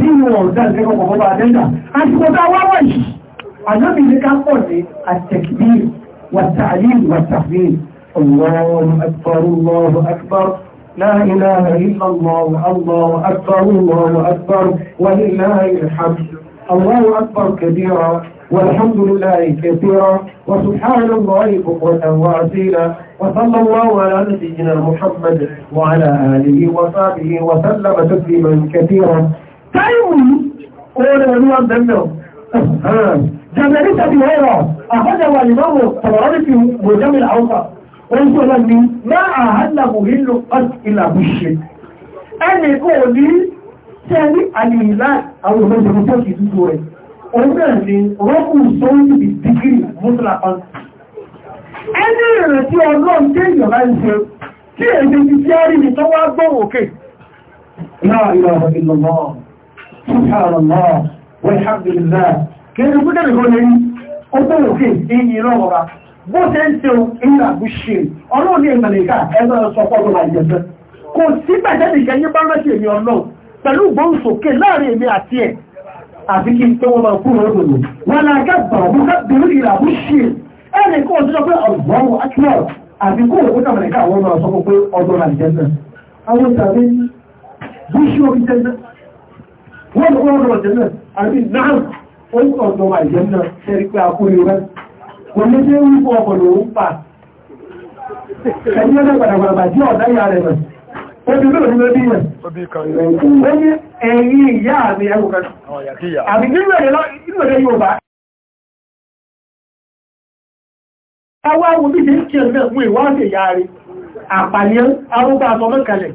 tí ìwọ̀n ọ̀dá ìjẹ́kọ̀ kọ̀kọ́ bá dẹ́dà لا إله إلا الله الله أكبر الله أكبر ولله الحمد الله أكبر كبيرا والحمد لله كثيرا وسبحان الله بكرة وأسيلا وصلى الله على نبينا محمد وعلى آله وصحبه وسلم تسليما كثيرا táìmù oore olúwa bẹ̀mẹ̀ jẹ́mẹ̀rí tàbí ọ̀rọ̀ àkọ́jẹ̀wà ìmọ̀wò tọ̀rọ̀lẹ́fì mọ̀jẹ́mìl àwọ́fà wọ́n tó lọ ní máa àhálàmù ìlú ìlàbùṣe ẹni kò ní tẹ́rí àlìlá àwọn olóòjò tó kì dúdú rẹ̀ òun náà ni rọ́pù sóyún bí dígírì mọ́tòlápán ẹni ìrètí ọlọ́run tẹ́ ìyọ̀lá ń ṣe kí èdè ti tí á rí ni tó wá gbọ́ òkè láàrín ọ̀rọ̀ ìlọ́mọ́ subhanallah walhamdulillah kìí kú tẹ́lẹ̀ kọ́ lẹ́yìn ó tó òkè èyí lọ́wọ́ra bó ṣe ń tẹ́ ìlà bùṣe ọlọ́ọ̀ni ìmọ̀lẹ́ká ẹgbẹ́ sọ pọ́ọ̀lù àìjẹsẹ́ kò sí pẹ̀tẹ́ nìkan yín bá rántí èmi ọlọ́run pẹ̀lú gbóhùnsókè láàrin èmi àti ẹ̀ àfi kí n tó wọn kú lọ́gbọ̀nù wọn là gàgbà ọ̀hún gàgbèrú ìlà bùṣe ẹnì kó o sọ pé ọ̀gbọ́n àtúwọ̀ àfi kó òkú tàbí ká àwọn ọmọ sọ pé ọdún àìjẹsẹ́ àwọn tàbí bùṣe orí tẹ́lẹ̀ wọ́n lọ́wọ́ ọ̀rọ̀ ọ̀jẹ́ àbí náà ó ń ọ̀dọ̀ àìjẹ́ pé akúrí rẹ̀ wọ́n ní ṣe ń fún ọkọ̀ pa ẹ̀yìn ọ̀dọ̀ gbàdàgbàdà jẹ́ ọ̀dá ìyá rẹ̀ náà Obìnrin ló ní ẹbí rẹ̀. kan. rẹ̀.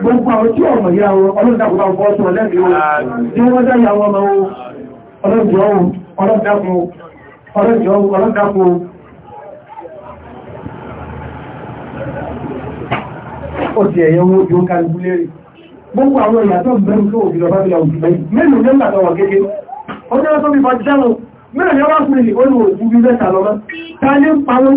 gbogbo àwọn tí ọmọ ìyá wọn ọlọ́dàkùnrin ọmọ ọ̀tọ̀ lẹ́gbẹ̀ẹ́ wọn tí wọ́n dáyà wọn mọ́ ọlọ́dàkùn ọ̀tí ẹ̀yẹ wọn ojú ń kàrí gúlérì gbogbo àwọn ìyàtọ̀ bẹ̀rù tó òbí lọ́bá bílá òbí báyìí mẹ́lù ní ọ̀nà àwọn kéèké ọjọ́ tó bí fàjíjáwọ̀ mẹ́rin yọ́wà fún ilé olú òjú bí mẹ́ta lọ́mọ́ ta ní pàwọn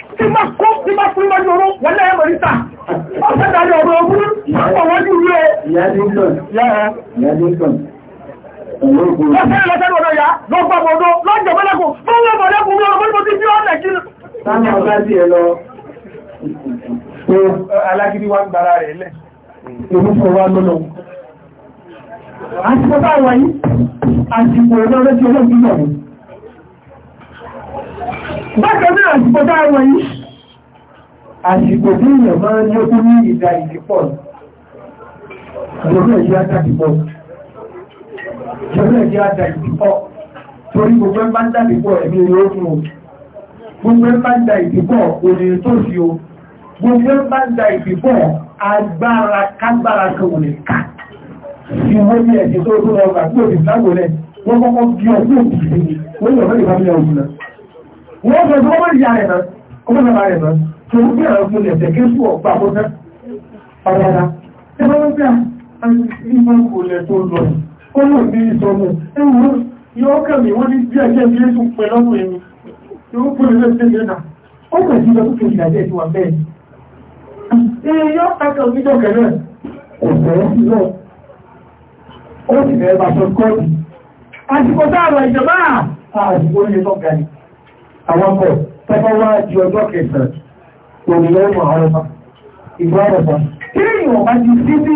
tí máa kó tí máa fún ìwájú oró wọ́n lẹ́yìn mọ̀ríta ọ̀sẹ̀dá ní ọ̀rọ̀ ogun ọ̀pọ̀ wọ́n ní ilé ìyá dínkàn ìyá dínkàn ọ̀sẹ̀ ìlọ́sẹ̀ ọ̀dọ̀ ya ló gbà bọ̀dọ̀ lọ́jọ́ mọ́lẹ́kùn fún ìwọ̀n mọ̀lẹ́kùn mi ọ̀rọ̀ mọ́lẹ́kùn ti bí ọ̀nà kí Táwọn ọ̀gá sí ẹ lọ. Bákan náà àsìkò tá a wọ̀ yìí, àsìkò tí èèyàn máa ń lókú ní ìdá ìdípọ̀. Ìjọba ìjọ àdá ìdípọ̀. Ìjọba ìjọ àdá ìdípọ̀. Torí gbogbo ẹ̀ bá ń dá ìdípọ̀ ẹ̀mí yóò fún o. Gbogbo ẹ̀ bá ń da ìdípọ̀ òní tó fi o. Gbogbo ẹ̀ bá ń da ìdípọ̀ agbára kágbára kan ò lè ká. Ìwọ́n ní ẹ̀sìn tó rú ọgbà tí òbí ìgbàgbọ́ rẹ̀ wọ́n kọ́kọ́ bí ọdún òbí sí ni wọ́n yọ̀ wọ́n sọ fún ọmọ ìyá rẹ̀ náà ọmọ tó ń bí àwọn fún ẹ̀sẹ̀ kí sùn fún náà ọ̀dàdà ẹ bá wọ́n bí ìmọ̀ kò lẹ̀ tó lọ ó lọ bí ìsọmọ ewu yóò kàn mí wọ́n ní bí ẹ̀jẹ̀ bí ẹ̀sùn pẹ̀ lọ́rùn ẹ̀mí yóò pọ̀ lẹ́sẹ̀ sí ẹ̀jẹ̀ náà ó kàn sí lọ sókè ìdájẹ́ ti wà bẹ́ẹ̀ ni yóò kàkà òmíjọ kẹ̀lẹ́ kò fẹ́ lọ ó sì fẹ́ bàtọ̀ kọ́ọ̀tù àsìkò táàrọ̀ ìjọba àsìkò oúnjẹ tó àwọ́pọ̀ tọ́pọ̀ wá di ọjọ́ kẹsàn òmìnira ọmọ àrọ́pá ìlú àrọ́pá tí èèyàn bá ti sí sí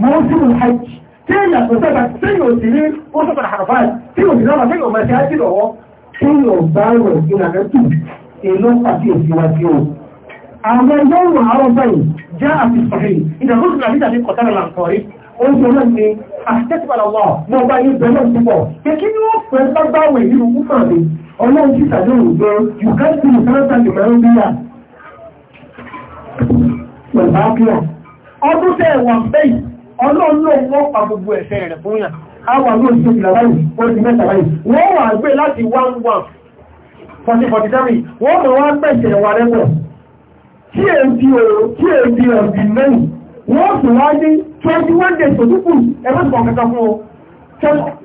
mọ́sílù hajj tí èèyàn tó sẹ́ta tí yóò sí ní ó sọ́pàá àrọ́pá tí yóò sí náà tí yóò máa ṣe ájì lọ́wọ́ tí yóò bá rọ̀ ìlànà tù èlò pàtí òsì wa sí o àwọn ẹgbẹ́ ọmọ àrọ́pá yìí já àti sọ̀rọ̀ ìdàgbọ́sùn àti ìdàgbọ́sùn kọ̀tàrà làǹkọ̀rí ó ń sọ náà ni àṣẹ́tìpàdà wà mọ́ bá yí bẹ̀rẹ̀ púpọ̀ kí ni ó fẹ́ lágbàwẹ̀ nínú púpọ̀ mi ọlọ́run tí tàbí òwúgbẹ́ you can't be the first time you marry me yà pẹ̀lú àpíọ̀ ọdún tẹ́ ẹ̀wà bẹ́ẹ̀ ọlọ́run ló wọ́n pa gbogbo ẹ̀ṣẹ̀ rẹ̀ fún yà á wà ní oṣù ìlà báyìí wọ́n ti mẹ́ta báyìí wọ́n wà gbé láti one one forty forty seven wọ́n mọ̀ wá gbẹ̀ ìṣẹ̀lẹ̀ wà rẹ̀ pọ̀ tí èdè ọ̀rọ̀ tí èdè ọ̀dì mẹ́rin wọ́n sì wá ní twenty one days òdúkù ẹ̀rọ ìgbọ̀n kẹta fún ọ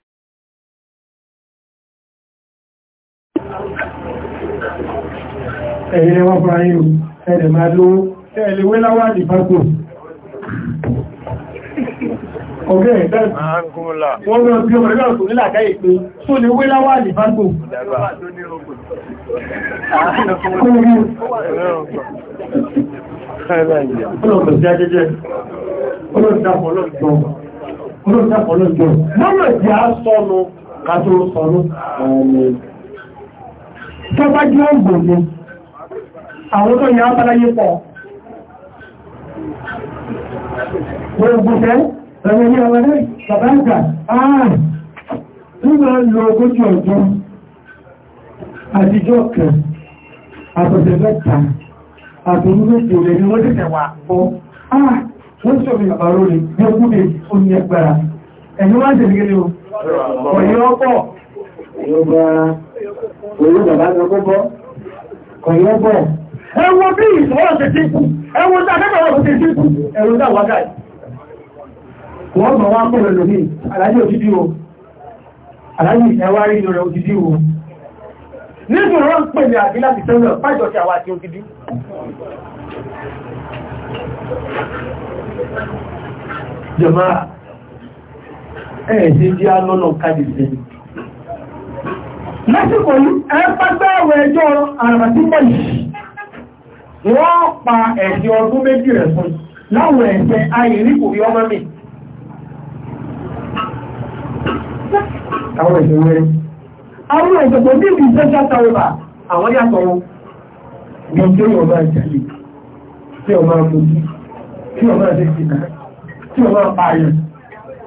ẹ̀yẹ wọ́n fún ayé o ẹ̀rẹ̀ máa ló ẹ̀lẹ̀ wé láwá ìbágbò ọ̀gẹ́ ẹ̀dẹ́ wọ́n rẹ̀ bí ọmọ ẹgbẹ́ òkú nílà káyè pé tó lè wé láwá ìbágbò Olóòtàpọ̀lọ́jọ́. Mọ́mọ̀ ìjá sọ́nu, ká tó sọ́nu. Tọ́bá jẹ́ ògbò ni, àwọn tó yàn ápàláyé pọ̀ gbogbogbò ẹ̀rọ ní ọmọ rẹ̀ bàbá ìgbà ààrùn nígbà lọ ogójì ọjọ́ àtijọ́ kan àtọ̀tẹ̀ mẹ́ta àtòrú méjì rẹ̀ ni wọ́n tẹ̀tẹ̀ wà pọ̀ wọ́n tí omi bàbá lórí ní ogún lè ó ní ẹgbẹ̀rẹ̀ ẹ̀yìn wá jẹ̀ nígbẹ̀rẹ̀ ọ̀yọ́ ọ̀pọ̀ ọ̀yọ́ bàbá ní ọgbọ́ ẹwọ bí ìṣọ́rọ̀ ṣe ti kú ẹwọ tí akẹ́kọ̀ọ́ ṣe ti kú ẹ̀rọ dá wákà wọ́n mọ̀ wá pẹ̀lú lómi alájí òtítí o alájí ẹwà rí lórí òtítí o nígbùn wọ́n pè ní àbí láti tẹ́lẹ̀ pàjọ sí àwà àti òtítí jọmọ́ ẹ̀ẹ̀sí jí á lọ́nà káàdì sí lásìkò yìí ẹ wọ́n pa ẹ̀sẹ̀ ọdún méjì rẹ̀ fún láwọn ẹ̀sẹ̀ àìríkò rí ọmọ mi àwọn ẹ̀sẹ̀ wẹ́rẹ́ àwọn ẹ̀sẹ̀ tó ní ibi ìṣẹ́ṣẹ́ àtàwọ̀bà àwọn yàtọ̀ wọn bí tí ó máa jẹ́lì tí ó máa fojú tí ó máa ṣẹ́ṣẹ́ náà tí ó máa pààyàn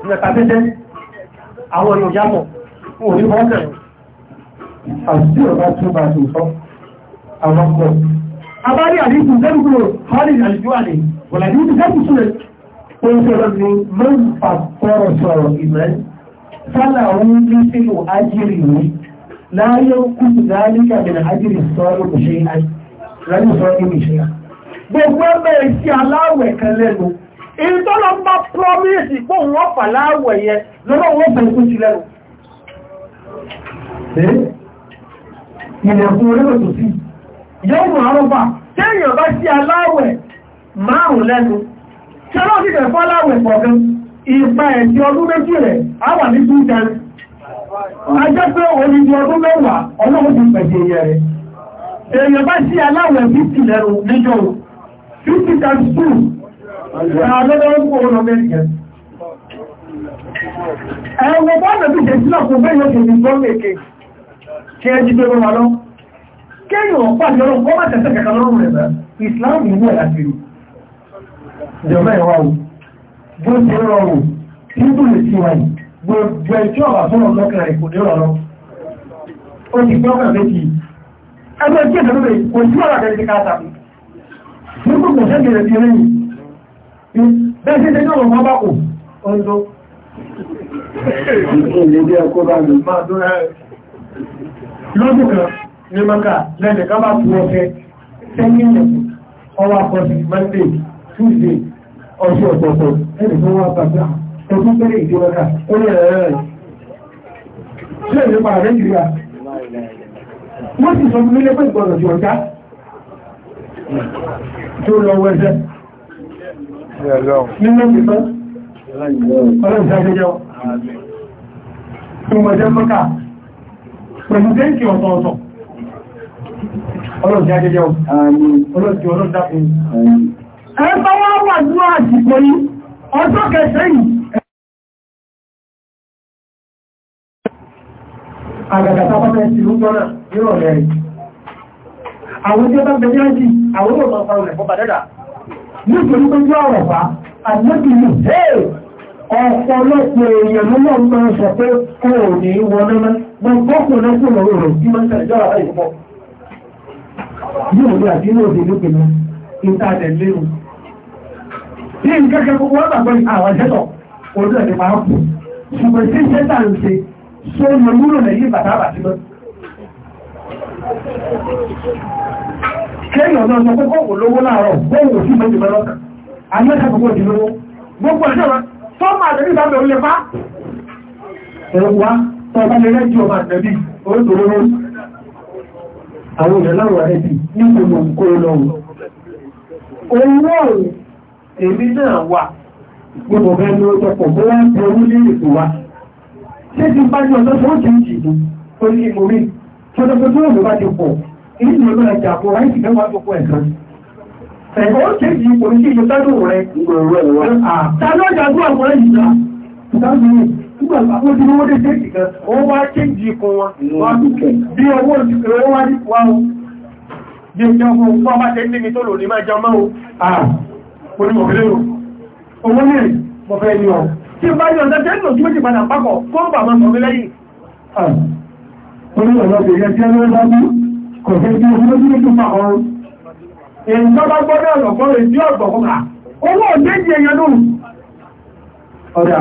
nípa tẹ́tẹ́ àwọn ọ̀nà ìyàmọ̀ òní bọ́ọ̀kẹ̀ àti tí ó bá tún bá tún sọ àwọn ọkọ̀ abárí àdíkù sẹ́dùkúrò hálì àjúwà ní wọ̀làdí ó ti sẹ́kù sílẹ̀ ó ń sọ̀rọ̀ ní mẹ́fà tọrọ sọ̀rọ̀ ìmẹ́ sálà òun ní sínú ájírì ní láyé kú láyíkà bẹ̀rẹ̀ ájírì sọ̀rọ̀ kò ṣe láyé sọ̀rọ̀ ní ìṣe gbogbo ẹgbẹ́ sí aláwẹ̀ kan lẹ́nu èyí tó lọ bá promise pé òun ọ̀fà láwẹ̀ yẹn lọ́nà wọn bẹ̀rẹ̀ kú sí lẹ́nu ilẹ̀kùn orílẹ̀-èdè yóò mú àrọ́bà tẹ́yìn bá sí aláwẹ̀ márùn lẹ́nu tí ọlọ́ sí ẹ̀fọ́ aláwẹ̀ pọ̀kan ipa ẹ̀sí ọdún méjì rẹ̀ á wà ní two ajẹ́ pé o ní ọdún mẹ́wàá ọlọ́run ti pẹ̀jẹ̀ ẹ̀yẹ rẹ̀ èèyàn bá sí aláwẹ̀ Ẹ̀wọ̀n bí ṣe kéèyàn ọ̀pá ìjọrọ̀ kọ́ máa tẹ̀sẹ̀ kẹ̀kẹ́ lọ́rùn rẹ̀ bẹ́ẹ̀ Islam ìwú ẹ̀ láti rú ìjọba ìwà o bó ti rọrùn tí ó lè ti wà yìí gbogbo ẹjọ́ àbàtọ́rọ̀ lọ́kẹ̀rẹ̀ ìkò ní ọ̀rọ̀ ó ti gbọ́ ọ̀rọ̀ méjì ẹgbẹ́ tí ẹ̀dọ́ lórí kò sí ọ̀rọ̀ àkẹ́rẹ́ ti káàtà mú nígbà kò sẹ́ni rẹ̀ ti rẹ́yìn bẹ́ẹ̀ sí ní maka lẹ́lẹ̀ ká máa fún ọ̀fẹ́ sẹ́yìn ẹ̀kù ọwọ́ àpọ̀sí monday tuesday ọjọ́ ọ̀tọ̀ọ̀tọ̀ ẹni tó wá bàbá ẹkú bẹ́rẹ̀ ìdí maka ó ní ẹ̀rẹ́ rẹ̀ sí ẹ̀rẹ́ pa rẹ̀ yìí rà wọ́n sì sọ fún mi lẹ́pẹ́ ìgbọ̀nà tí ọ̀gá tó lọ wẹ́sẹ̀ nínú ìfẹ́ ọlọ́run sáfẹ́jọ́ Ìmọ̀jẹ́ mọ́ká pẹ̀lú tẹ́ǹkì ọ̀tọ̀ọ̀tọ̀ ọlọ́run jẹ́ ajẹ́jẹ́ ọlọ́run jẹ́ ọlọ́run dákun ẹ̀ẹ́bá wá wà ní àsìkò yìí ọjọ́ kẹsẹ̀ yìí àgàgàtà bá bẹ́ẹ̀ sí lúgbọ́nà nírọ̀lẹ́ rẹ̀ àwọn tí ó bá bẹ̀rẹ̀ jì àwọn òmọ̀ ọ̀sán rẹ̀ fọ́ bàdẹ́dà nítorí pé jọ ọ̀rọ̀ bá àjẹ́bìnú ọ̀pọ̀lọpọ̀ èèyàn ló lọ́ọ̀ máa sọ pé kò ní wọnẹ́mẹ́ gbọ́gbọ́kùnrin lọ́kùnrin rẹ̀ tí máa ń tẹ̀lé jọ́ra báyìí púpọ̀ yóò rí àti ilé òde lókè ní ìta àtẹ̀lé o. Bí n kẹ́kẹ́ gbogbo wọn gbàgbọ́ àwọn ìṣẹ́tọ̀ ojú ẹ̀dẹ̀ máa kù. Ṣùgbọ́n tí iṣẹ́ tà ń ṣe ṣó ń lọ lẹ́yìn bàtà àbàtì lọ. Kéèyàn náà sọ pé kókò lówó láàárọ̀, bóun ò sí méjì mẹ́lọ́ kan. Àyẹ̀ká gbogbo òdì lówó. Gbogbo ẹ̀ṣọ́ rẹ̀ tó máa tẹ̀lé ìbámu ẹ̀ àwọn ìrọ̀láwà rẹ̀ bí ní gbogbo kó lọ́wọ́ owó èmi náà wà gbogbo ẹni wa ṣé ti bá ní ọjọ́ tó ti ń ó ní tí bá ti pọ̀ ìlú àpò ráìsì ẹ̀kan ẹ̀kọ́ ó ṣe ìdí ipò ní kí rẹ̀ àpò nígbà àwọn ojúmọ́ wọ́n dé dé ìkan wọ́n wá kéjì ikun wọn bí owó ìsìnkú wọ́n wá ní wáwọ́ bí ìjọ ọmọ òkú ọmọ tẹ́ ní tó lò ní máa jọ máa o ní mọ̀fẹ́lẹ́ o owó ní mọ̀fẹ́ ní ọ tí ó bá ní ọ̀dá tẹ́lẹ̀ ojú méjì padà pápọ̀ kó ń bà máa sọ lẹ́yìn Owó òjèjì èèyàn lóòrùn. Ọ̀dá,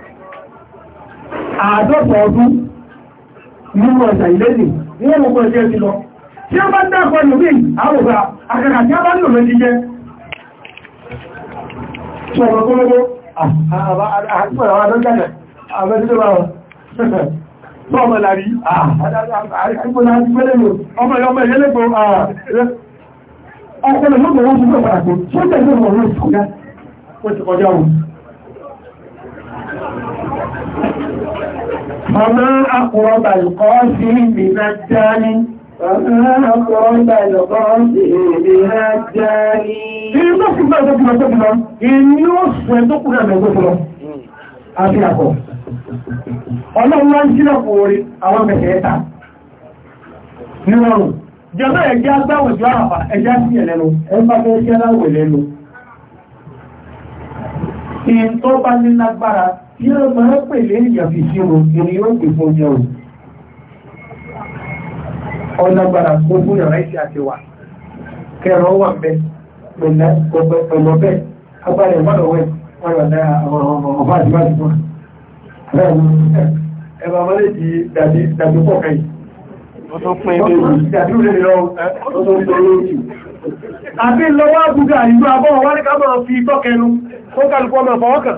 àádọ́ta ọdún nínú ọ̀sà ilé nì wọ́n mọ̀ mọ̀ jẹ́ ti lọ tí ó bá dákọ̀ ní bí àwòrà àkàkà tí a bá nílò lójí jẹ́ ṣọ̀rọ̀ kólógó Ọkùnrin ló mọ̀ wọ́n fún ọ̀pàá kò tí ó tẹ̀lé ọmọ orí ìsìnkú náà, ó ti kọjá ohun. Ọmọ akọ̀rọ̀bà lọ́kọ́ sí ìbìnà jáni. Ọmọ akọ̀rọ̀bà lọ́kọ́ sí ìbìnà jáni. Inú sí fún ẹ̀tọ́ kúrò A àpá sí ẹ̀lẹ́nu, bá fẹ́ ṣẹ́ láwẹ̀ lẹ́nu. bá ní lágbára tí a máa pè lé ìyàfìṣirò ìrìn yóò pè fún yẹn o ọlágbára kó fún yàrá ìṣẹ́ àti wà kẹrọ wà bẹ pẹ̀lọ bẹ agbára ìwádọ̀ wẹ ọ̀rọ̀ ọba àdìbájì fún ẹ̀rọ ọmọdé ti dàbí pọ̀ kẹ́yìn Àbí lọ wá búgbà ìlú àbọ́ wọ́n ní ká bọ̀ fi tọ́kẹnu, ó kàlùkọ́ mẹ́fọ́ ọkàn.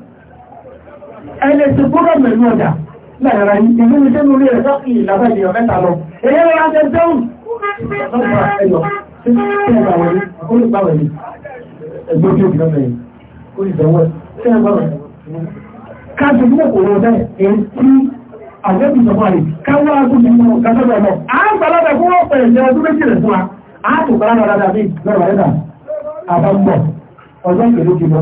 ẹni tí gbọ́dọ̀ mẹ́lú ọ̀dà lára ìlú ní sẹ́nu orí ẹ̀sọ́ ìlàbẹ̀ ènìyàn mẹ́ta lọ èyí ló rà jẹ jẹun lọ́pàá ẹ̀yọ tí ó gbà wọlé ó lè gbà wọlé ẹgbẹ́ ojú ìgbà mẹ́rin ó lè dánwọ́ tí ó gbà wọlé káàkiri tí kò rọ bẹ́ẹ̀ èyí tí àjẹ́bí sọ̀rọ̀ rẹ̀ káwọ́ agbóhùn ìmọ̀ kásọ̀rọ̀ lọ àgbàlagbà fún ọ̀pẹ̀ ẹ̀jẹ̀ ọdún méjì rẹ̀ fún wa àtùkọ́ lára dáadáa bí lọ́rọ̀ rẹ̀ dà àbámbọ̀ ọjọ́ ìpèlú kìlọ́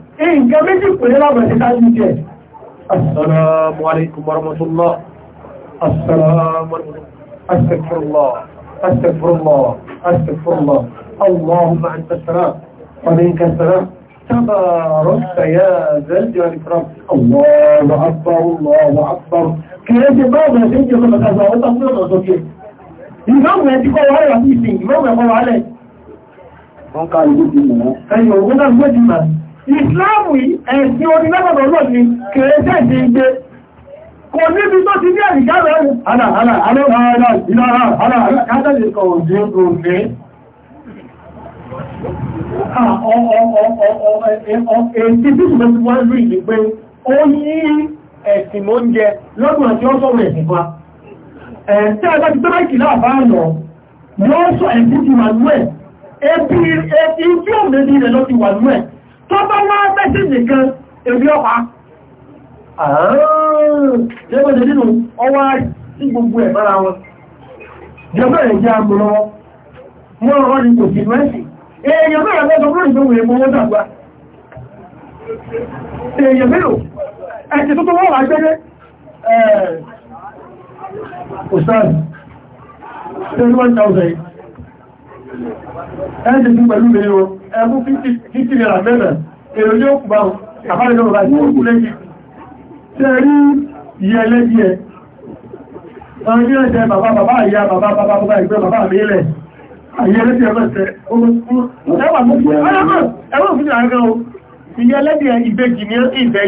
nǹkan méjì kò ní lábẹ̀ ní dájú jẹ assalamu alaikum warahmatullah assalamu alaikum astaghfirullah astaghfirullah astaghfirullah allahumma anta salam wa minka salam تبارك يا ذا الجلال الله أكبر الله أكبر كيف بابا سيدي الله كذا وتقول له سوكي ìmáàmù ẹ̀ tí kọ́ wà rẹ̀ àti ìsìn ìmáàmù ẹ̀kọ́ wà lẹ̀ wọ́n ká ìlú ti mọ̀ ẹ̀yọ̀ òun náà gbé jù náà ìsìláàmù ẹ̀sìn onílẹ́gbọ̀dọ̀ náà ni kèrèsẹ́ ti gbé kò níbi tó ti ní ẹ̀rì gáàrẹ̀ ẹ̀rù àlà àlà àlà àlà ìlàrà àlà àlà kájẹ̀lẹ̀ kan òjì òní èsì tí mo ti wá rí ní pé ó yí ẹ̀sìn mọ́ oúnjẹ lọ́dún àti ọ́sọ̀ rẹ̀ nípa ẹ̀ẹ́sẹ́ adájú tó báyìí kìlá àbá lọ yóò sọ ẹ̀sìn ti wà nú ẹ̀ ebi tí ò méjì rẹ̀ lọ́ ti wà nú ẹ̀ tó bá wá bẹ́sì nìkan èbí ọpa jẹ́gbẹ́jẹ́ nínú ọwá sí gbogbo ẹ̀ bára wọn jẹ́gbẹ́ rẹ̀ jẹ́ amúlọ́wọ́ wọ́n rọ́ ní kò sí mẹ́sì èèyàn mẹ́rẹ̀ mẹ́sọ fún ìgbóhùn èmú owó dàgbà èèyàn mẹ́rọ ẹ̀kì tó tó wọ́n wà gbẹ́gbẹ́ ọ̀sáàdì 31,000 ẹ̀ẹ́dẹ̀ fún pẹ̀lú ẹmú fífí rẹ̀ àmẹ́mẹ̀ èrò yóò kù rí ìyẹlẹ́díẹ̀ ọjọ́ bàbá bàbá bàbá bàbá bàbá ìgbẹ́ bàbá mi ilẹ̀ ìyẹlẹ́díẹ̀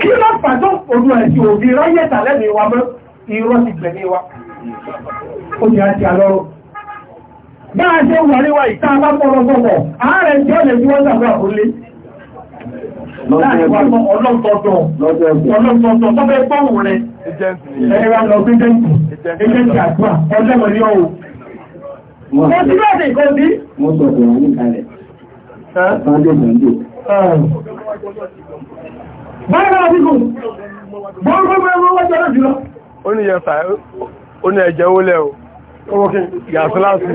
Kí ló pàtó odò ẹ̀sì òbí ráyẹ̀tà lẹ́nu wa mọ́ irọ́ ti gbẹ̀mí wa? Ó ti àti àlọ́rọ̀. A ṣe wà níwà ìta bá pọ̀rọ̀ pọ̀pọ̀, ààrẹ tí ó lè fi wọ́n sàgbà òlé. Láàrin wa mọ́ ọlọ́tọ̀ọ̀tọ̀, ọlọ́tọ̀ọ̀tọ̀ tó fẹ́ pọ́wọ̀ rẹ̀. Ẹ̀rọ lọ bí dẹ́kù, ẹgbẹ́ àgbà, ọlẹ́wọ̀ ní ọ̀hún. Mo ti bẹ́ẹ̀ Sunday Monday. Báyọ̀ náà bí kò, bọ́n kó bẹ́ẹ̀ mọ́ wájọ́ náà jùlọ. Ó ní yẹn fàá, ó ní ẹ̀jẹ̀ ó lẹ́ o. Oókè, yàtúláàsì.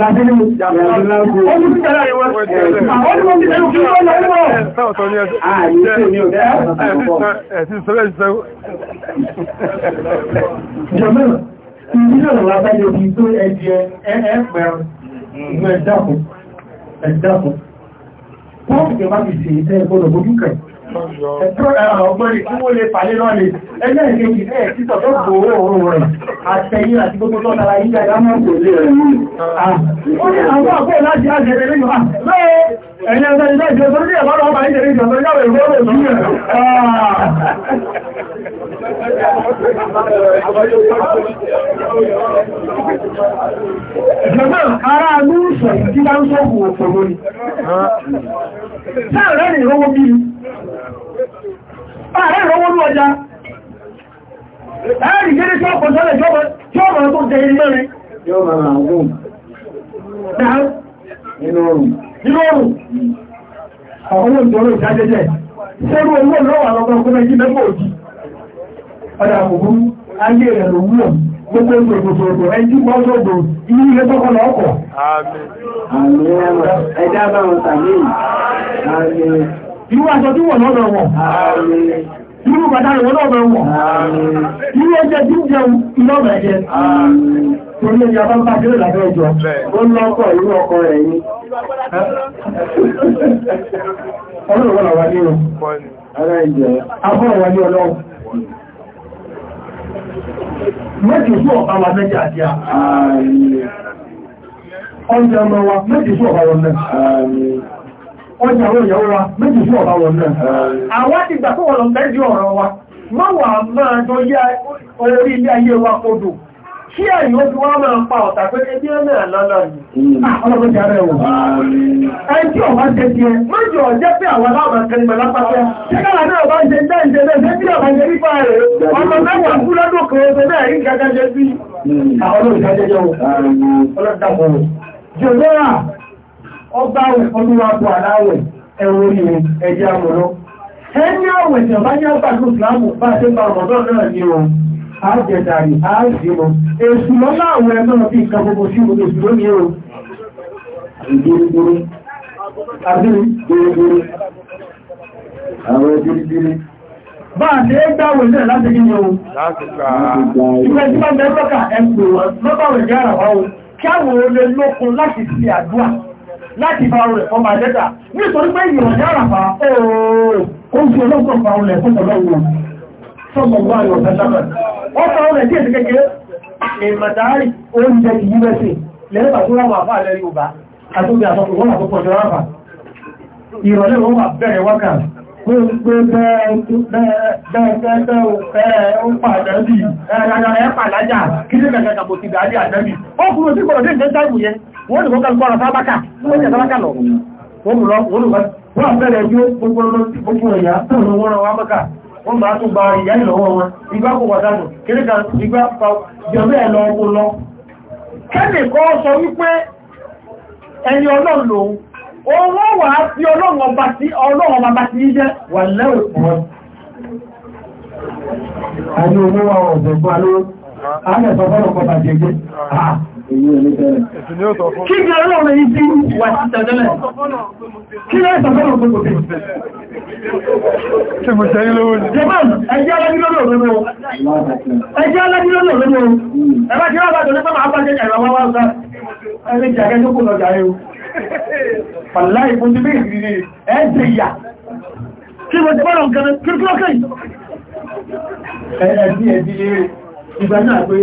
Láti ní yàtúláàsì. Ó ní sí kẹ́lá ìwọ́n. Ó ní mọ́ sí ẹ̀rù kí ó lọ lọ́wọ́. Sáwọ̀ tó ní ẹ̀sì. Ẹ̀sì sọ́lẹ̀ ìṣẹ́wó. Jọ̀mọ́, ìrìnlẹ̀ lọ́wọ́ bá yóò fi tó ẹ̀jẹ̀ ẹ̀ẹ́pẹ̀rún. Ẹ̀dàkùn. Ẹ̀dàkùn wọ́n fi bá fi ṣe ẹ gbọ́dọ̀ bójú kẹ̀. ẹ̀tọ́ ọgbọ́n tí wọ́n lè pàdé náà lè ẹgbẹ́ ìkejì ẹ̀ títọ̀ tó gbòòrò òórùn rẹ̀ àtẹ̀yìn àti gbogbo tó tara yíjà ìdámọ́ kò lè rẹ̀ ní. ó ní àwọn àpò láti àjẹrẹ lẹ́yìn wá lọ́wọ́ ẹ̀yìn ẹ̀sẹ̀ ìjọ ìjọ tó ní ẹ̀bá lọ́wọ́ bá ń jẹrẹ ìjọ tó yàwó ìwọ́ rẹ̀ sí rẹ̀. Ìjọba ara ló ń sọ ìdílá ń sọ̀kù òfòrò ni. Táàrẹ́ ìrọwọ́ bí i. Ààrẹ ìrọwọ́ ní ọjà. Ààrẹ ìgbẹ́rẹ́ tí ó pọ̀ sọ́lẹ̀ jọ́mọ̀ tó jẹ ilé mẹ́rin. Jọ́mọ̀ àwọn ọdún. Nínú ọrùn. Nínú ọrùn. Àwọn olóòjọ́rò ìdájẹ́jẹ́. Ṣé ayé rẹ̀ ló wúlò gbogbo ìlú òdòdó òdò ẹjí gbọ́dọ̀ òdò ilé ilé tó kọlọ ọkọ̀. ẹjá bá wọn tàbí irú aṣọ tí wọ̀n wọ́n lọ́dọ̀ wọn irú ẹjẹ́ ọlọ́run wọ́n wà ní ọ̀rọ̀ méjì sí ọ̀pá wa àti ọjà ọmọ wa méjì sí ọ̀pá wọn náà ọjà àwọn méjì sí wọn náà àwọn àti ìgbà tó wọ́n lọ ọ̀rọ̀ wa kí ẹ̀yìn ó fi wọ́n máa pa ọ̀tà pé ẹbí ẹ̀mẹ́ àlọ́lọ́ yìí ọlọ́gbọ́n jẹ́ rẹ̀ wọ̀ ẹni tí ọ̀wá jẹ́ ti ẹ mọ́jọ jẹ́ pé àwọn aláwọ̀ kẹrìmọ̀ lápapẹ́ ṣẹ́gbàrà náà bá ń jẹ bẹ́ẹ̀ jẹ bẹ́ẹ̀ jẹ́ bí ọ̀bá jẹ́ nípa rẹ̀ ọmọ mẹ́wàá kú lọ́dún kan ọdún náà rí gẹ́gẹ́ mm. jẹ́ bí àwọn olóòjẹ́jẹ́ ọlọ́dàpọ̀ jọlọ́rà ọba olúwa bọ̀ aláwẹ̀ ẹ̀wọ̀n orí ẹ̀jẹ̀ àmọ̀lọ́ ẹni àwẹ̀ tẹ̀ bá ní àgbàdo ìsìlámù bá ṣe gba ọmọdọ́ náà ní ohun àjẹ̀dàrí àjẹ̀mọ̀ èṣù lọ́lá àwọn ẹ̀mọ́ bí nǹkan gbogbo sí gbogbo èṣù lónìí o ìgbèrègbèrè àbí gbèrègbèrè àwọn ẹgbèrègbèrè bá àti ẹgbàwò ilẹ̀ láti gíní o ìgbẹ̀ tí wọ́n bẹ̀rẹ̀ lọ́kà ẹgbẹ̀ wọn lọ́bàwẹ̀ jẹ́ àràwá o kí àwọn olè lókun láti fi àdúà láti bá rẹ̀ fọ́ máa dẹ́ta nítorí pé ìrọ̀lẹ́ àràfà ooo ó ń fi olóògbọ̀n fa olè fún ọlọ́run sọ́mọ̀gbọ́ àyọ̀fẹ́ sábà wọ́n fa ọ̀rẹ́ díẹ̀ sí kékeré ìmọ̀tàárì wọ́n bá tún bá ìyá ìlọ́wọ́ wọn igbá kò wàdánù kíríkà igbá pa jọmọ́ ẹ̀ lọ lọ kẹ́lẹ̀ kọ́ sọ wípé ẹni ọlọ́rùn lòun owó wà á fi ọlọ́rùn ọba tí Kí ni ọlọ́run yìí bí wà sí tẹ̀lẹ̀? Kí ni ẹ̀sàfẹ́lọ̀ tó kò bí? mo ṣe ní lówó ní? Jẹ́mọ́n, ẹjẹ́ alájúlọ́lọ́ lọ́wọ́. Ẹjẹ́ alájúlọ́lọ́ lọ́wọ́. Ẹbá kí wọ́n bá tọ́lé pẹ́ máa bá jẹ́ ẹ̀rọ wá wá ọ̀gá. Ẹni o. Pàlá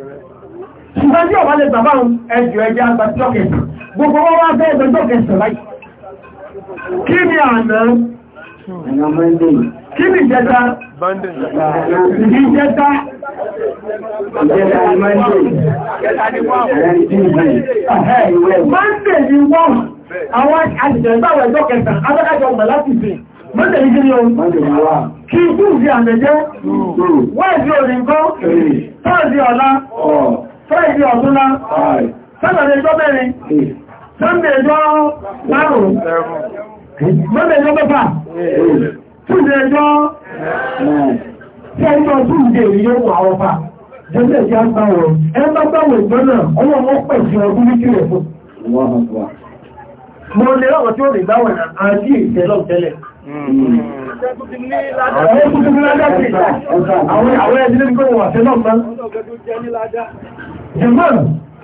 ṣùgbọ́n tí ọ̀bá lè bàbá ń ẹjọ́ ẹjá àgbàjọ́ kẹsàn gbogbo wọ́n wá bẹ́ ẹgbẹ̀jọ́ kẹsàn láì kí ni àná kí ni ìjẹta ìjẹta mọ́ndé ni wọ́n àwọn àjẹ̀gbàwọ̀ ẹjọ́ kẹsàn abẹ́kájọ ọmọ láti fi mọ́ndé ni kí ni ohun kí ikú ìrìn àmẹ́jẹ́ wọ́n ìdí òrìǹkọ́ tọ́ọ̀dí ọ̀la Friday ọ̀túnlá, Saturday ẹjọ́ mẹ́rin, Sunday ẹjọ́ márùn-ún, Monday ẹjọ́ mẹ́fà, Tuesday ẹjọ́ tí ẹjọ́ Tuesday yóò wà ọpa, jẹ́lẹ̀ ẹjọ́ àgbàwọ̀, ẹgbà gbàwọ̀ ìgbọ́nà ọwọ́ wọn pẹ̀ sí ọdún ní kílẹ̀ hmm. ní jùmọ́n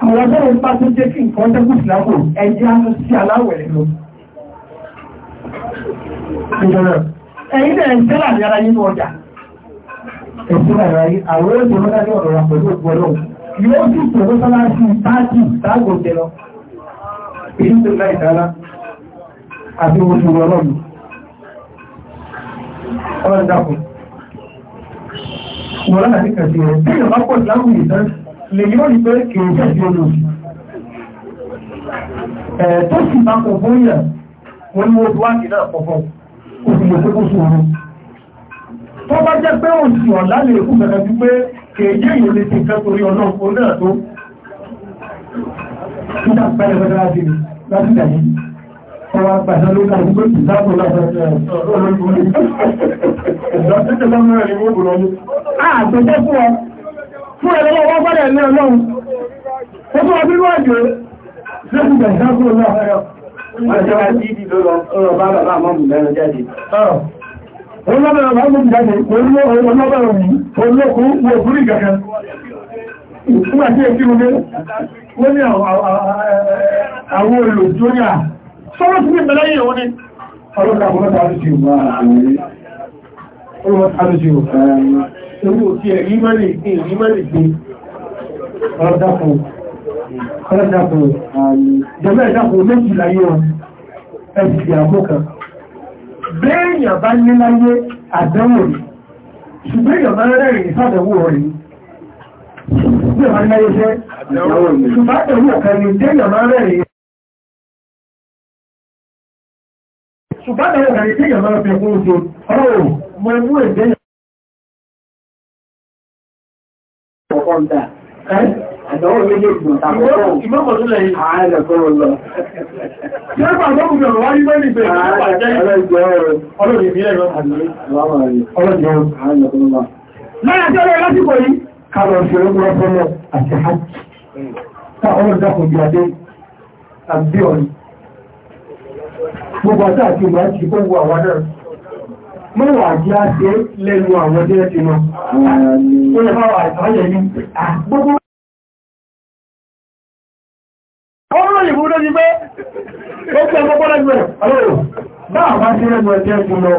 àwọn ọlọ́run bá tó jẹ́ kí nǹkan tẹ́kù ìsìlámù ẹjẹ́ aṣọ sí aláwẹ̀ lọ ẹ̀yìn náà ń tẹ́lá ní ara nínú ọjà ẹ̀sìn ara yìí àwọn ètò mọ́ta ní ọ̀rọ̀ wa pẹ̀lú ògbọ́ náà yóò sì tòró sáláṣí táàkì táàgò jẹ lọ èyí tó láì dára àti oṣù ọlọ́run ọlọ́run dákun wọ́n láti kàṣí rẹ̀ bí ìrọ̀lọ́pọ̀ ìsìlámù ìdánsì lè yíò ní pé kìí jẹ́ ìdí olù tó sì máa kò fún yẹ̀ wọ́n ni wọ́n tó wá nílẹ̀ ọ̀pọ̀ kò sì lè kókó sóòrò tó bá jẹ́ pé òsì ọ̀lá lè kú gẹ̀gẹ̀ bí pé kìí jẹ́ ìyò lè ti kẹ́ torí ọlọ́pọ̀ náà tó títà pẹ́lẹ̀ pẹ́lẹ̀ láti láti dàyí ọwọ́ apàṣẹ ló kàrí pé ìdáàbò láti ọ̀rọ̀ olóògbé ìdáàbò fún ẹ̀rọ wọ́n gbọ́dẹ̀ ní ọlọ́run ó tó ọdún wọ́n jẹ́ lẹ́gbẹ̀ẹ́ ìdájọ́ náà ẹ̀rọ ọjọ́ àjíjì ló lọ ọ̀rọ̀ bá bàbá mọ́mù lẹ́nu jáde Olúwọ́bẹ̀rẹ̀ bá mú ìjáde, olúwọ́bẹ̀rẹ̀ yìí, olókùn, wọ́n òkúrí ìgbẹ̀kẹ́. Nígbà tí èkí rúgbé, wọ́n ní àwọn olùjọ́ ní à. Sọ́rọ̀ sí ìbẹ̀lẹ́ yìí wọ́n ní. Ọlọ́kà torí òtí ẹ̀rí mẹ́lẹ̀ gbé ẹ̀rí mẹ́lẹ̀ gbé ọ̀dàpọ̀ ọ̀dàpọ̀ jẹ́mẹ́ ẹ̀dàpọ̀ méjì láyé wọn ẹ̀sì àmọ́ kan bẹ́ẹ̀yàn bá ní láyé àdánwò rí ṣùgbọ́n èèyàn máa rẹ̀rìn ní fàdánwò rí bí ọ̀hán láyé jẹ́ ṣùgbọ́n àdánwò kan ní déèyàn máa rẹ̀rìn ṣùgbọ́n àdánwò kan ní déèyàn máa fẹ̀kún oṣù ọ̀rọ̀ mọ̀ ẹ̀mú ẹ̀dẹ́yàn ọ̀dà àdánwò méjèèjì ọ̀tàkọ́kọ́ ìmọ́kànlẹ̀ yìí àádọ́kọ́ lọ. Yọ́pàá lọ́kùnrin ọ̀rọ̀ wáyé lọ́nìí pé ìjọba jẹ́ ọlọ́jọ́ ọlọ́rin ìbílẹ̀ lọ́pàá Láyájọ́ rẹ̀ lásìkò yìí, kààrọ̀ ìṣòro mọ́ fọ́lọ́ àti mọ́wàá jẹ́ àṣẹ lẹ́nu àwọn jẹ́ ti mọ́ ó yẹ máa wà ìtàjẹ̀ ní gbogbo ọ̀rọ̀ ìwúrò ní pé ó tẹ́ ọmọ pọ́lẹ́gbẹ̀ ọlọ́rọ̀ bá àbá sí lẹ́nu ẹ̀jẹ́ ti lọ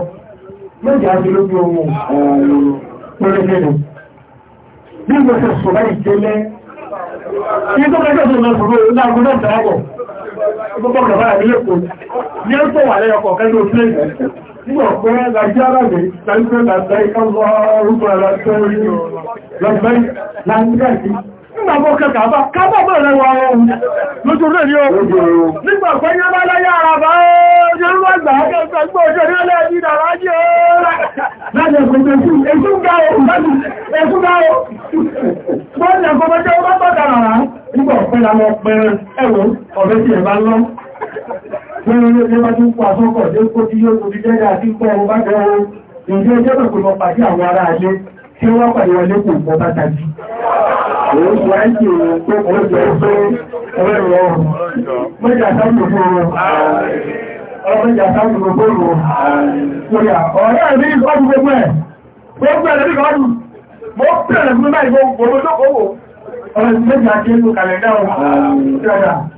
mẹ́jẹ́ àti lóbi ohun pẹ̀lẹ́gbẹ̀rẹ̀ bí mo ṣe sọ̀rọ̀ ìjẹ́lẹ́ ní tó kẹ́kẹ́ tó lọ sọ̀rọ̀ láàrùn náà tẹ́wọ́ وقال رجالني ليس لديك الله فلا تريد لبيك لنجاتي Nígbà mọ́ kẹta bá kábà mọ́ rẹwà ohun lójú rẹ̀ ní ohun. Nígbà pẹ́ yẹ́ bá láyé ara bá Yorùbá gbà ágẹ́gbẹ́ gbọ́ òjò ní ọlẹ́ ẹ̀dí ìdàrá jẹ́ ọ́rẹ́. Lájẹ̀ kò tẹ́ sí ẹ̀sùn gá Tẹ́lú ní ẹgbẹ́ tí pa sọ́kọ̀ tí ó kó tí yóò tóbi jẹ́gà tí ń pọ̀ ọmọ jẹ́ ohun, ìjẹ́ ẹjẹ́ pẹ̀kù lọ pàdé àwọn ará ayé tí wọ́n pàdé wọlé kò mọ́ bá tají. ọ̀rẹ́ rọrùn. kí ń lo kàlẹ̀dá ọ̀rọ̀.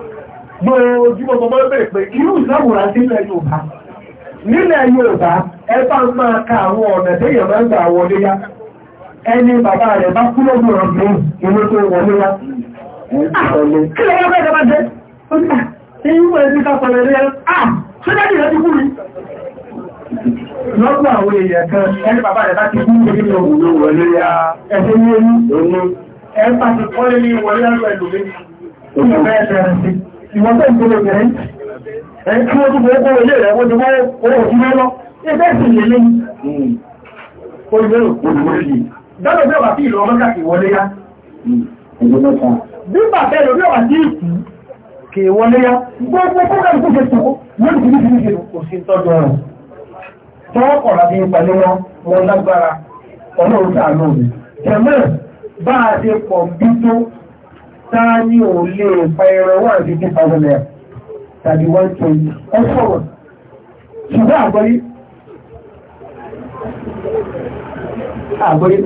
gbòòjúmọ̀ mọ́ máa bèèrè pé irú ìsáwòrán sílẹ̀ Yorùbá nílẹ̀ Yorùbá ẹ bá ń máa ka àwọn ọ̀nà téèyàn máa ń gbà wọlé yá ẹni bàbá rẹ̀ bá kú lọ́gbọ̀n ọ̀gbìn ìwé tó wọlé yá kí lọ́wọ́ bẹ́ẹ̀ dábàá jẹ́ ẹ̀yìn wọ́n ẹni ká pẹ̀lẹ̀ rẹ̀ ah ṣé dájú rẹ̀ ti kú ni lọ́gbọ̀n àwọn èèyàn kan ẹni bàbá rẹ̀ bá ti kú ní ìlú wọlé yá ẹ̀ṣẹ́ ní ẹni ẹ̀ bá ti kọ́ ìwọ̀n tó ń gbogbo ìrìn ẹni tí ó tún gbogbo ilé rẹ̀ wọ́n ti wọ́n owó òjú mẹ́lọ ẹgbẹ́ sì lè lé Dọ́lọ̀ bí ọ̀wà sí ìlú ọmọ káàkiri wọlé yá. Bí bàbẹ́ lò bí ọ̀wà sí ìkú kèé wọlé yá, gbogbo kókàrí tó fẹ́ tòkó, lórí kìí kìí kìí kò sí tọ́jú ọ̀rọ̀. Tọ́wọ́ kọ̀rọ̀ bí pẹ̀lú wọn, wọn lágbára, ọlọ́run sáà lóòrùn. Tẹ̀mẹ́ bá a ṣe táà ní ò lè pa ẹran wà ní fifty thousand tàbí one twenty ẹ sọ̀rọ̀ ṣùgbọ́n àgbọ́yé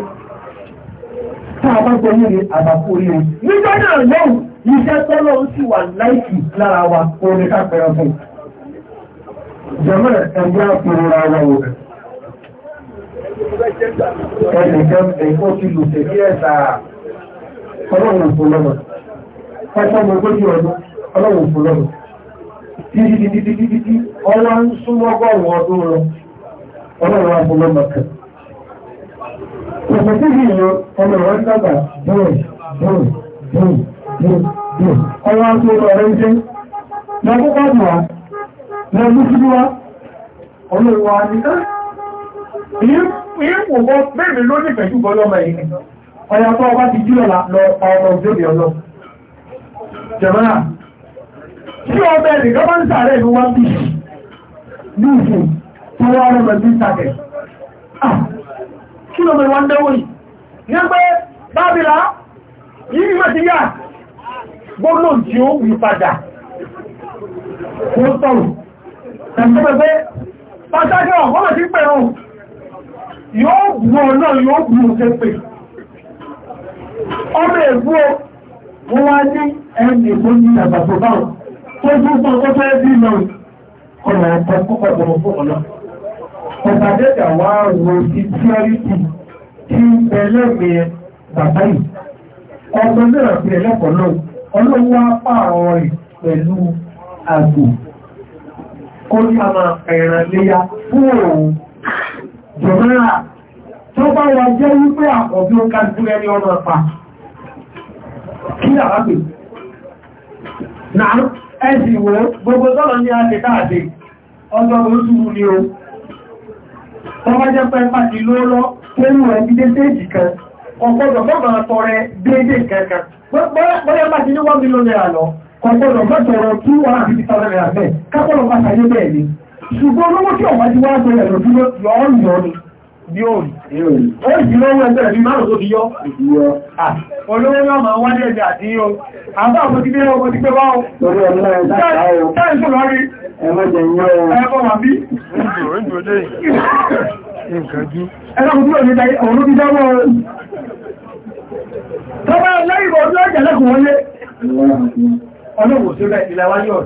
táà bá gbọ́ yìí àbàkù oríire nígbà náà lọ́wọ́ iṣẹ́ tọ́lọ́ sì wà láìsí lára wa orin ká fún jẹ́mọ́ ẹgbẹ́ àpòrora wa wò ẹnìkan ẹ̀kọ́ ti lù tẹ̀lé ẹ̀ta ọlọ́run kò pẹ́sẹ́ ọmọ ogójì ọdún ọlọ́wọ̀ òfò lọ́rùn títí ọwọ́ ń súnmọ́ ọgọ́rùn ọdún lọ ọlọ́wọ̀ àbúlọ́mọ̀ kan pẹ̀sẹ̀ sí ìlú ọmọ ìwọ́n dàgbà bẹ́ẹ̀ bẹ́ẹ̀ bẹ́ẹ̀ bẹ́ẹ̀ bẹ́ẹ̀ ọwọ́ ń súnmọ́ ọ̀rẹ́ jẹ́ lọ́kọ́kọ́ bùwá lọ́mú síbí wá ọlọ́wọ̀ àníká ìyẹ́ kò gbọ́ bẹ́ẹ̀ mi lónìí pẹ̀lú bọ́lọ́mọ yìí ọba ti jí lọ ọmọ òjòbí ọlọ́mọ jẹ̀mọ́nà tí ọbẹ̀ nìkan bá ń sàárẹ̀ ní wọ́n bí ní ìfò tí wọ́n rẹ̀ mẹ́bí sàkẹ̀ kí ló mẹ́ wọ́n dẹ́wò yìí ní pé bábìlá yìí mẹ́ ti yà gbọ́nà tí ó wù padà kó sọ̀rọ̀ tẹ̀síwẹ̀ pé pàtàkì ọ̀gbọ́n ti pẹ̀rún yóò gbù ọ náà yóò ọmọ ègbú wọ́n wá ní ẹni tó ní àgbàtò báwọn tó tún fún ọkọ́ fẹ́ bí lọ ọ̀nà ọ̀pọ̀ púpọ̀ tó fún ọ̀nà wá sí náà fi ẹlẹ́kọ̀ọ́ náà ọlọ́run wá pààrọ̀ rẹ̀ pẹ̀lú àgbò ní a máa léyà fún òun jọ̀mọ́ra tó ni kí àwọn pè náà ẹ̀sì ìwò gbogbo sọ́lọ ní àti káàdì ọjọ́ oṣùrù ni o tọ́wọ́ jẹ́ pẹ́ pàtí lóòrọ́ pẹ̀lú ẹbí dééjì kan ọgbọ́dọ̀ mọ́gbọ̀n tọrẹ dééjì kankan bọ́yá pàtí ní wọ́n mílò náírà lọ ọgbọ́dọ̀ mọ́tọrọ tí wọ́n àti tọ́rẹ rẹ̀ bẹ́ẹ̀ kápọ̀lọ̀ pàtàkì bẹ́ẹ̀ ni ṣùgbọ́n olówó tí ọ̀wájú wá yóòrì. ọrụ ẹgbẹ́ ẹ̀bí márùn tó ti yọ́. Olówó yọ́ máa wá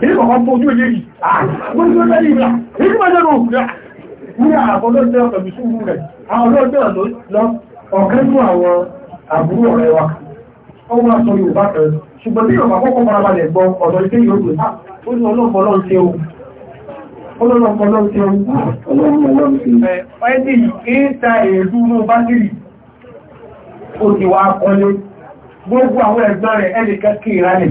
èyí kọ̀kan bó ojú èyí wọ́n tí ó lẹ́yìn ìlà èyí máa jẹ́rọ òkúrẹ́ ní àwọn olóòjẹ́ ọ̀pẹ̀lú ṣúgbù rẹ̀ àwọn olóòjẹ́ lọ ọ̀kẹ́ fún àwọn àbúrò rẹ̀ wa ó wá sọ Yorùbá kẹ ṣùgbọ́n tí Yorùbá kọ́kọ́ farabalẹ̀ gbọ́ ọ̀dọ̀ ilé Yorùbá ó ní ọlọ́pọ̀lọ́ ń ṣe ohun ọlọ́pọ̀lọ́ ń ṣe ohun ọlọ́pọ̀lọ́ ń ṣe ọ̀ẹ́dì ìta èèdú ló bá dìrì ó ti wá kọ́lé gbogbo àwọn ẹ̀gbọ́n rẹ̀ ẹnìkan kí ìrálẹ̀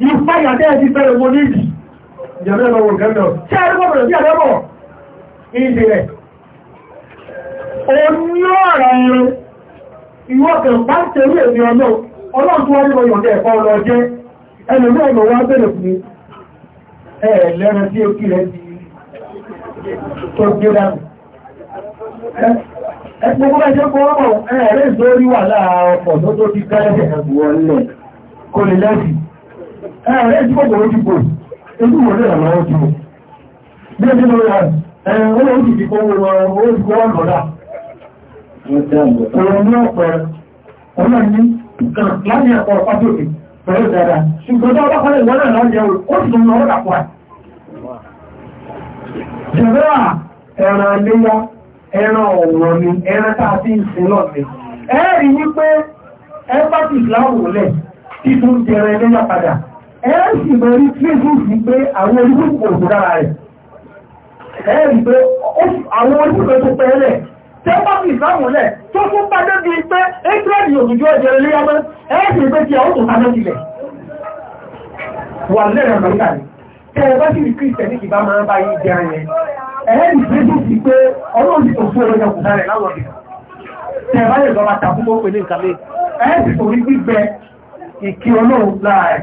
You ìfáyà dẹ́ ẹ̀dí fẹ́rẹ̀ wọn níbi ìjẹ̀mẹ́ ọmọ gẹ́mẹ́ ṣe eh, ẹ̀rí gbọ́bẹ̀rẹ̀ sí àdẹ́bọ̀ ìdí rẹ̀ oní ọ̀rọ̀ ẹ̀rọ ìwọ́kẹ̀ bá ń tẹ̀rú èmì ọlọ́run ọlọ́run tó wá ní ọyọ̀dẹ̀ ẹ̀kọ́ ọlọ́ jẹ́ ẹlòmí ọmọ wá bẹ̀rẹ̀ fún ẹ̀ lẹ́rẹ̀ sí òkì rẹ̀ ti tó gbé dànù ẹgbogbo ẹjẹ́ kọ́ ọmọ ẹ̀rẹ́ ìdórí wà láàá ọkọ̀ tó tó ti kẹ́lẹ́sẹ̀ ẹ̀gbùn ọlẹ̀ kò lè lẹ́sìn ẹ̀rẹ́ tí kòkòrò ti bò ojú wọlé ìrànlọ́wọ́ ti bò bí ẹni lọ rẹ̀ ẹ̀rọ ó ti fi kó owó ti kó wọ́n lọ́dà ọ̀rọ̀ ní ọ̀pọ̀ ọ̀nà ní láti ẹ̀kọ́ pàtókè pẹ̀lú dáadáa ṣùgbọ́n tó bá kọ́lẹ̀ ìwọ́n náà lọ́jẹ́ ó ti tún lọ́wọ́ dàpọ̀ ẹ̀ jẹ̀bẹ́rà ẹ̀ràn léyá ẹran ọ̀wọ̀ ni ẹran tàà sí ìsin lọ mi ẹ̀rí wípé ẹ bá ti ìlàwò lẹ̀ títún jẹrẹ léyá padà ẹ̀ẹ́sì mẹ́rí tíẹ́sì pé àwọn olùkòkò òkúdára rẹ̀ ẹ̀ẹ́rì pé àwọn olùkòkò tó pẹ́ẹ́lẹ̀ tẹ́pọ̀kì ìsáwọ̀lẹ̀ tó fún bá débi pé ẹ́kìrẹ́dì òjòjò ẹ̀jẹ̀ rẹ̀ léyàmọ́ ẹ̀ẹ́sì pé tí àwọn tó sáré sílẹ̀ wà lẹ́rẹ̀ amẹ́ríkà ni tẹ́ ẹ bá sì rí kírísítẹ̀ẹ́nì kì bá máa ń bá yí jẹ́ ayẹn ẹ̀ẹ́rì tíẹ́sì pé ọlọ́run tó fún ọlọ́run ọkùnrin rẹ̀ láwọn ọ̀dẹ̀ tẹ́ ẹ bá lè lọ́ra tàbí mọ́ pẹ̀lú ìkàlẹ̀ ẹ̀ẹ́sì torí gbígbẹ ìkí ọlọ́run láàrin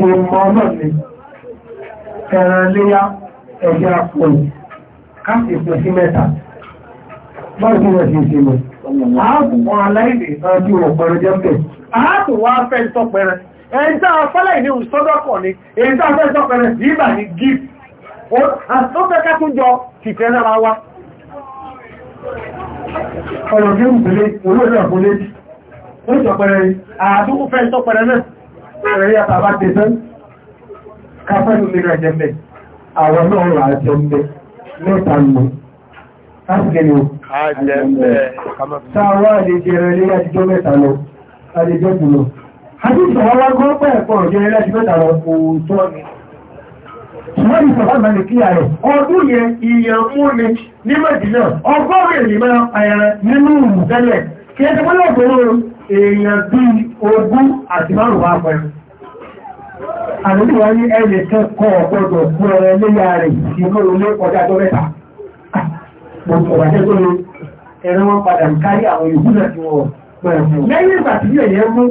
ìmọ̀ ọlọ́ọ̀ni ẹran léyá ẹ̀jẹ̀ àpò káàkì ìpò sí mẹ́ta bọ́ọ̀dù rẹ̀ sì sí mọ̀ ààbùn aláìlè ọjọ́ ọ̀pẹ̀rẹ̀ jẹ́ pẹ̀ ààbùn wá fẹ́ tọ́pẹ̀rẹ̀ ẹ̀ẹ́dá afẹ́lẹ̀ ìní ìṣọ́dọ́kọ̀ ni ẹ̀ẹ́dá afẹ́ tọ́pẹ̀rẹ̀ sí ìbà ní gíf àtọ́fẹ́ká tún jọ fìfẹ́ nára wá ọ̀rọ̀ gẹ́gùn pẹ̀lẹ́ olóòrẹ̀ àpọ̀lẹ́ ẹ̀rẹ́yà tàbá ti tán káfẹ́lú lè rẹ̀ jẹ́mẹ́ àwọn náà rà jẹ́mẹ́ mẹ́ta lọ láti gẹ̀lú sáwọ́ àlejò ẹ̀rẹ́ lẹ́yà jíjọ́ mẹ́ta lọ àlejò jùlọ àdíjọ wá wá gbọ́ pẹ́ ẹ̀kọ́ ọ̀jẹ́ ẹ̀rẹ́ jíjọ́ mẹ́ta lọ òótọ́ ni ṣùgbọ́n ní sọ̀rọ̀ àmàlẹ̀ kí ààrẹ ọdún yẹn ìyẹn mú ni ní mẹ́jìnà ọgọ́rin ìrìnmọ́ ayẹrẹ nínú ìlú tẹ́lẹ̀ kí ẹ ti pẹ́lẹ́ ọ̀gbọ́n èèyàn bíi ogún àti márùn-ún àpẹẹrẹ àlùkùnrin ní ẹnì kẹ́kọ̀ọ́ ọ̀gbọ́dọ̀ fún ẹrẹ léyà rẹ̀ ìlú ilé ọjà tó mẹ́ta ah, gbogbo ọ̀rẹ́ tó lè ẹ̀rọ wọn padà ń kárí àwọn ìlú náà tí wọ́n pẹ̀lú lẹ́yìn ìgbà tí yẹ̀ yẹn mú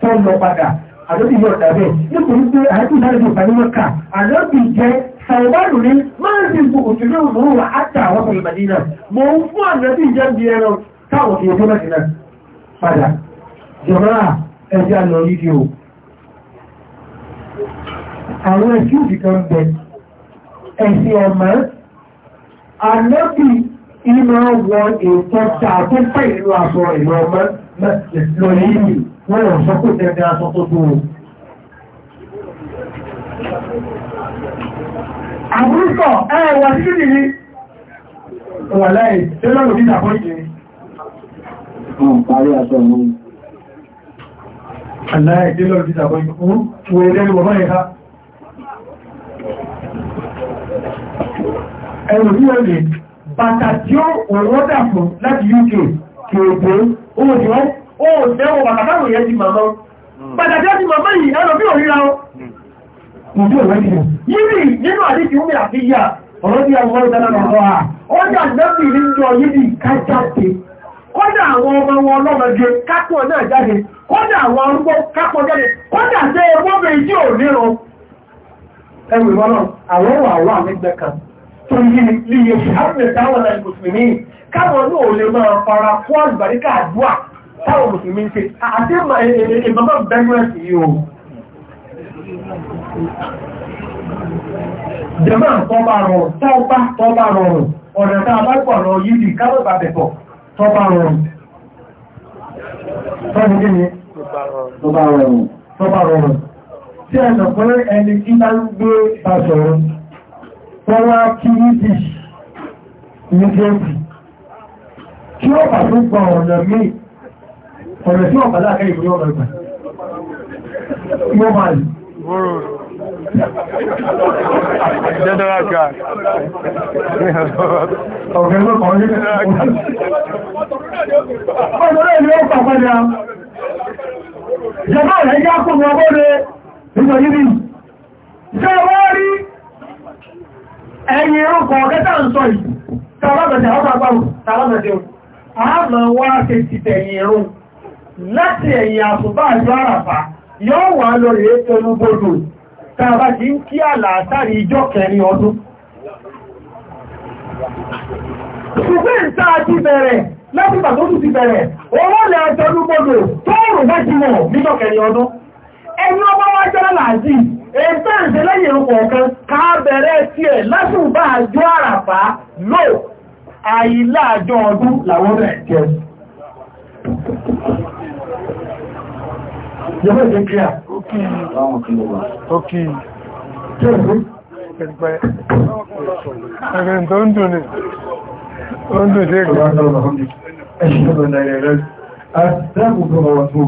tó lọ padà àlóbì yóò dàbẹ̀ nítorí pé àyẹ̀kú ìdájọ́ ìbánimọ̀ kà àlóbì jẹ́ sàwọ́bàlù ní máa ń fi gbogbo òṣèlú òmùrù wà áta àwọn ọmọ ìbàdínà mò ń fún àlóbì jẹ́ bí ẹran táwọn kì í dé mẹ́tìnà padà jọ̀rọ̀ ẹ̀jẹ̀ àlọ́ yìí o àwọn ẹ̀ṣíùsì kan bẹ̀ ẹ̀sìn ọ̀mọ́ ànábì ìmọ̀ wọ ètò tààbí pẹ̀ ìlú aṣọ ìlú ọmọ lọ yìí wọ́n lọ sọ pé tẹ́tẹ́ aṣọ tó tó o. àbúrúkọ ẹ wà sí nìyí wà láì ṣé lọ́rùn ní ìdàpọ̀ ìjẹ́ Ààrẹ àṣọ ìwọ̀n. Àlá ẹ̀dẹ́lọ́rùn ti dàbọ̀ ìgbòkú, wo ẹlẹ́rù bàbá ẹ̀ká. ẹ̀rù ní ọ̀lẹ̀ bàtà tí ó òun dà láti UK kèèdè owó tí bàtà táwọn ti màmá hmm. bàtà tí ó ti màmá yìí ẹ̀rọ hmm. bí òríra ó ìdí òwe ti rẹ̀ yìí nínú àdíjì omi àti yà ọ̀rọ̀ tí àwọn ọmọ ìdáná lọ́wọ́ à ó dà nẹ́bì nínú yìí kájáde àwọn ọmọ wọn ọlọ́mọdé kápọ̀ náà jáde àwọn arúgbó kápọ̀ jáde méjì náà àwọn ليشهد دعوة المسلمين káwọn náà lè máa fara kó àlùbáríkà àdúà táwọn mùsùlùmí ń ṣe àti ìbábá bẹ́gbẹ̀rẹ̀sì yìí o jẹ́mọ́ tọ́bà rọrùn tọ́bà tọ́bà rọrùn ọ̀nà tá a bá pọ̀ lọ yìí di káwọn bá bẹ̀bọ̀ tọ́bà rọrùn tọ́bà rọrùn tí ẹ̀nà pé ẹni tí bá ń gbé bá wọ́n wá kí yídìí immediately tí ó bá fún gba ọ̀nà mí ọ̀nà tí ọ̀pá láàkẹ́ ìwé ọ̀nà ìgbà yóò máa lè General Guy. Ọ̀gẹ́ ló kọ̀ọ́ nílẹ̀ ọ̀gẹ́. Ọ̀gẹ́ ló pàpá ya. Jẹ́bá rẹ̀ yá kò mọ́ bọ́rẹ̀ nígbà yìí. Jẹ́ ẹ̀yìn irun kan ọ̀gẹ́ta ń sọ yìí tàbátàtẹ̀ ọmọ agbáwò tàbátàtẹ̀ àmà wá ṣe ti tẹ̀yìn irun láti ẹ̀yìn àsùbá àjọ àràfà yóò wà lórí olúgbòdò tàbátì ń kí àlàátàrí ìjọ kẹrin ọdún ṣùgbọ́n ìta bẹ̀rẹ̀ láti pàtó ẹ̀ntà ń ṣe lẹ́yìn ìrùn kọ̀ọ̀kan ká bẹ̀rẹ̀ tí ẹ̀ lásùbà àjọ àràfà lò àìlà àjọ ọdún làwọn rẹ̀ jẹ́ Yọ́bẹ̀ jẹ́ kí à. Ókè. Jẹ́ ìwé. Ẹgbẹ́. Ẹgbẹ́ tó ń dùn ní. Ó ń dùn sí ẹgbẹ́. Ẹgbẹ́ tó ń dùn ní. Ẹgbẹ́ tó ń dùn ní.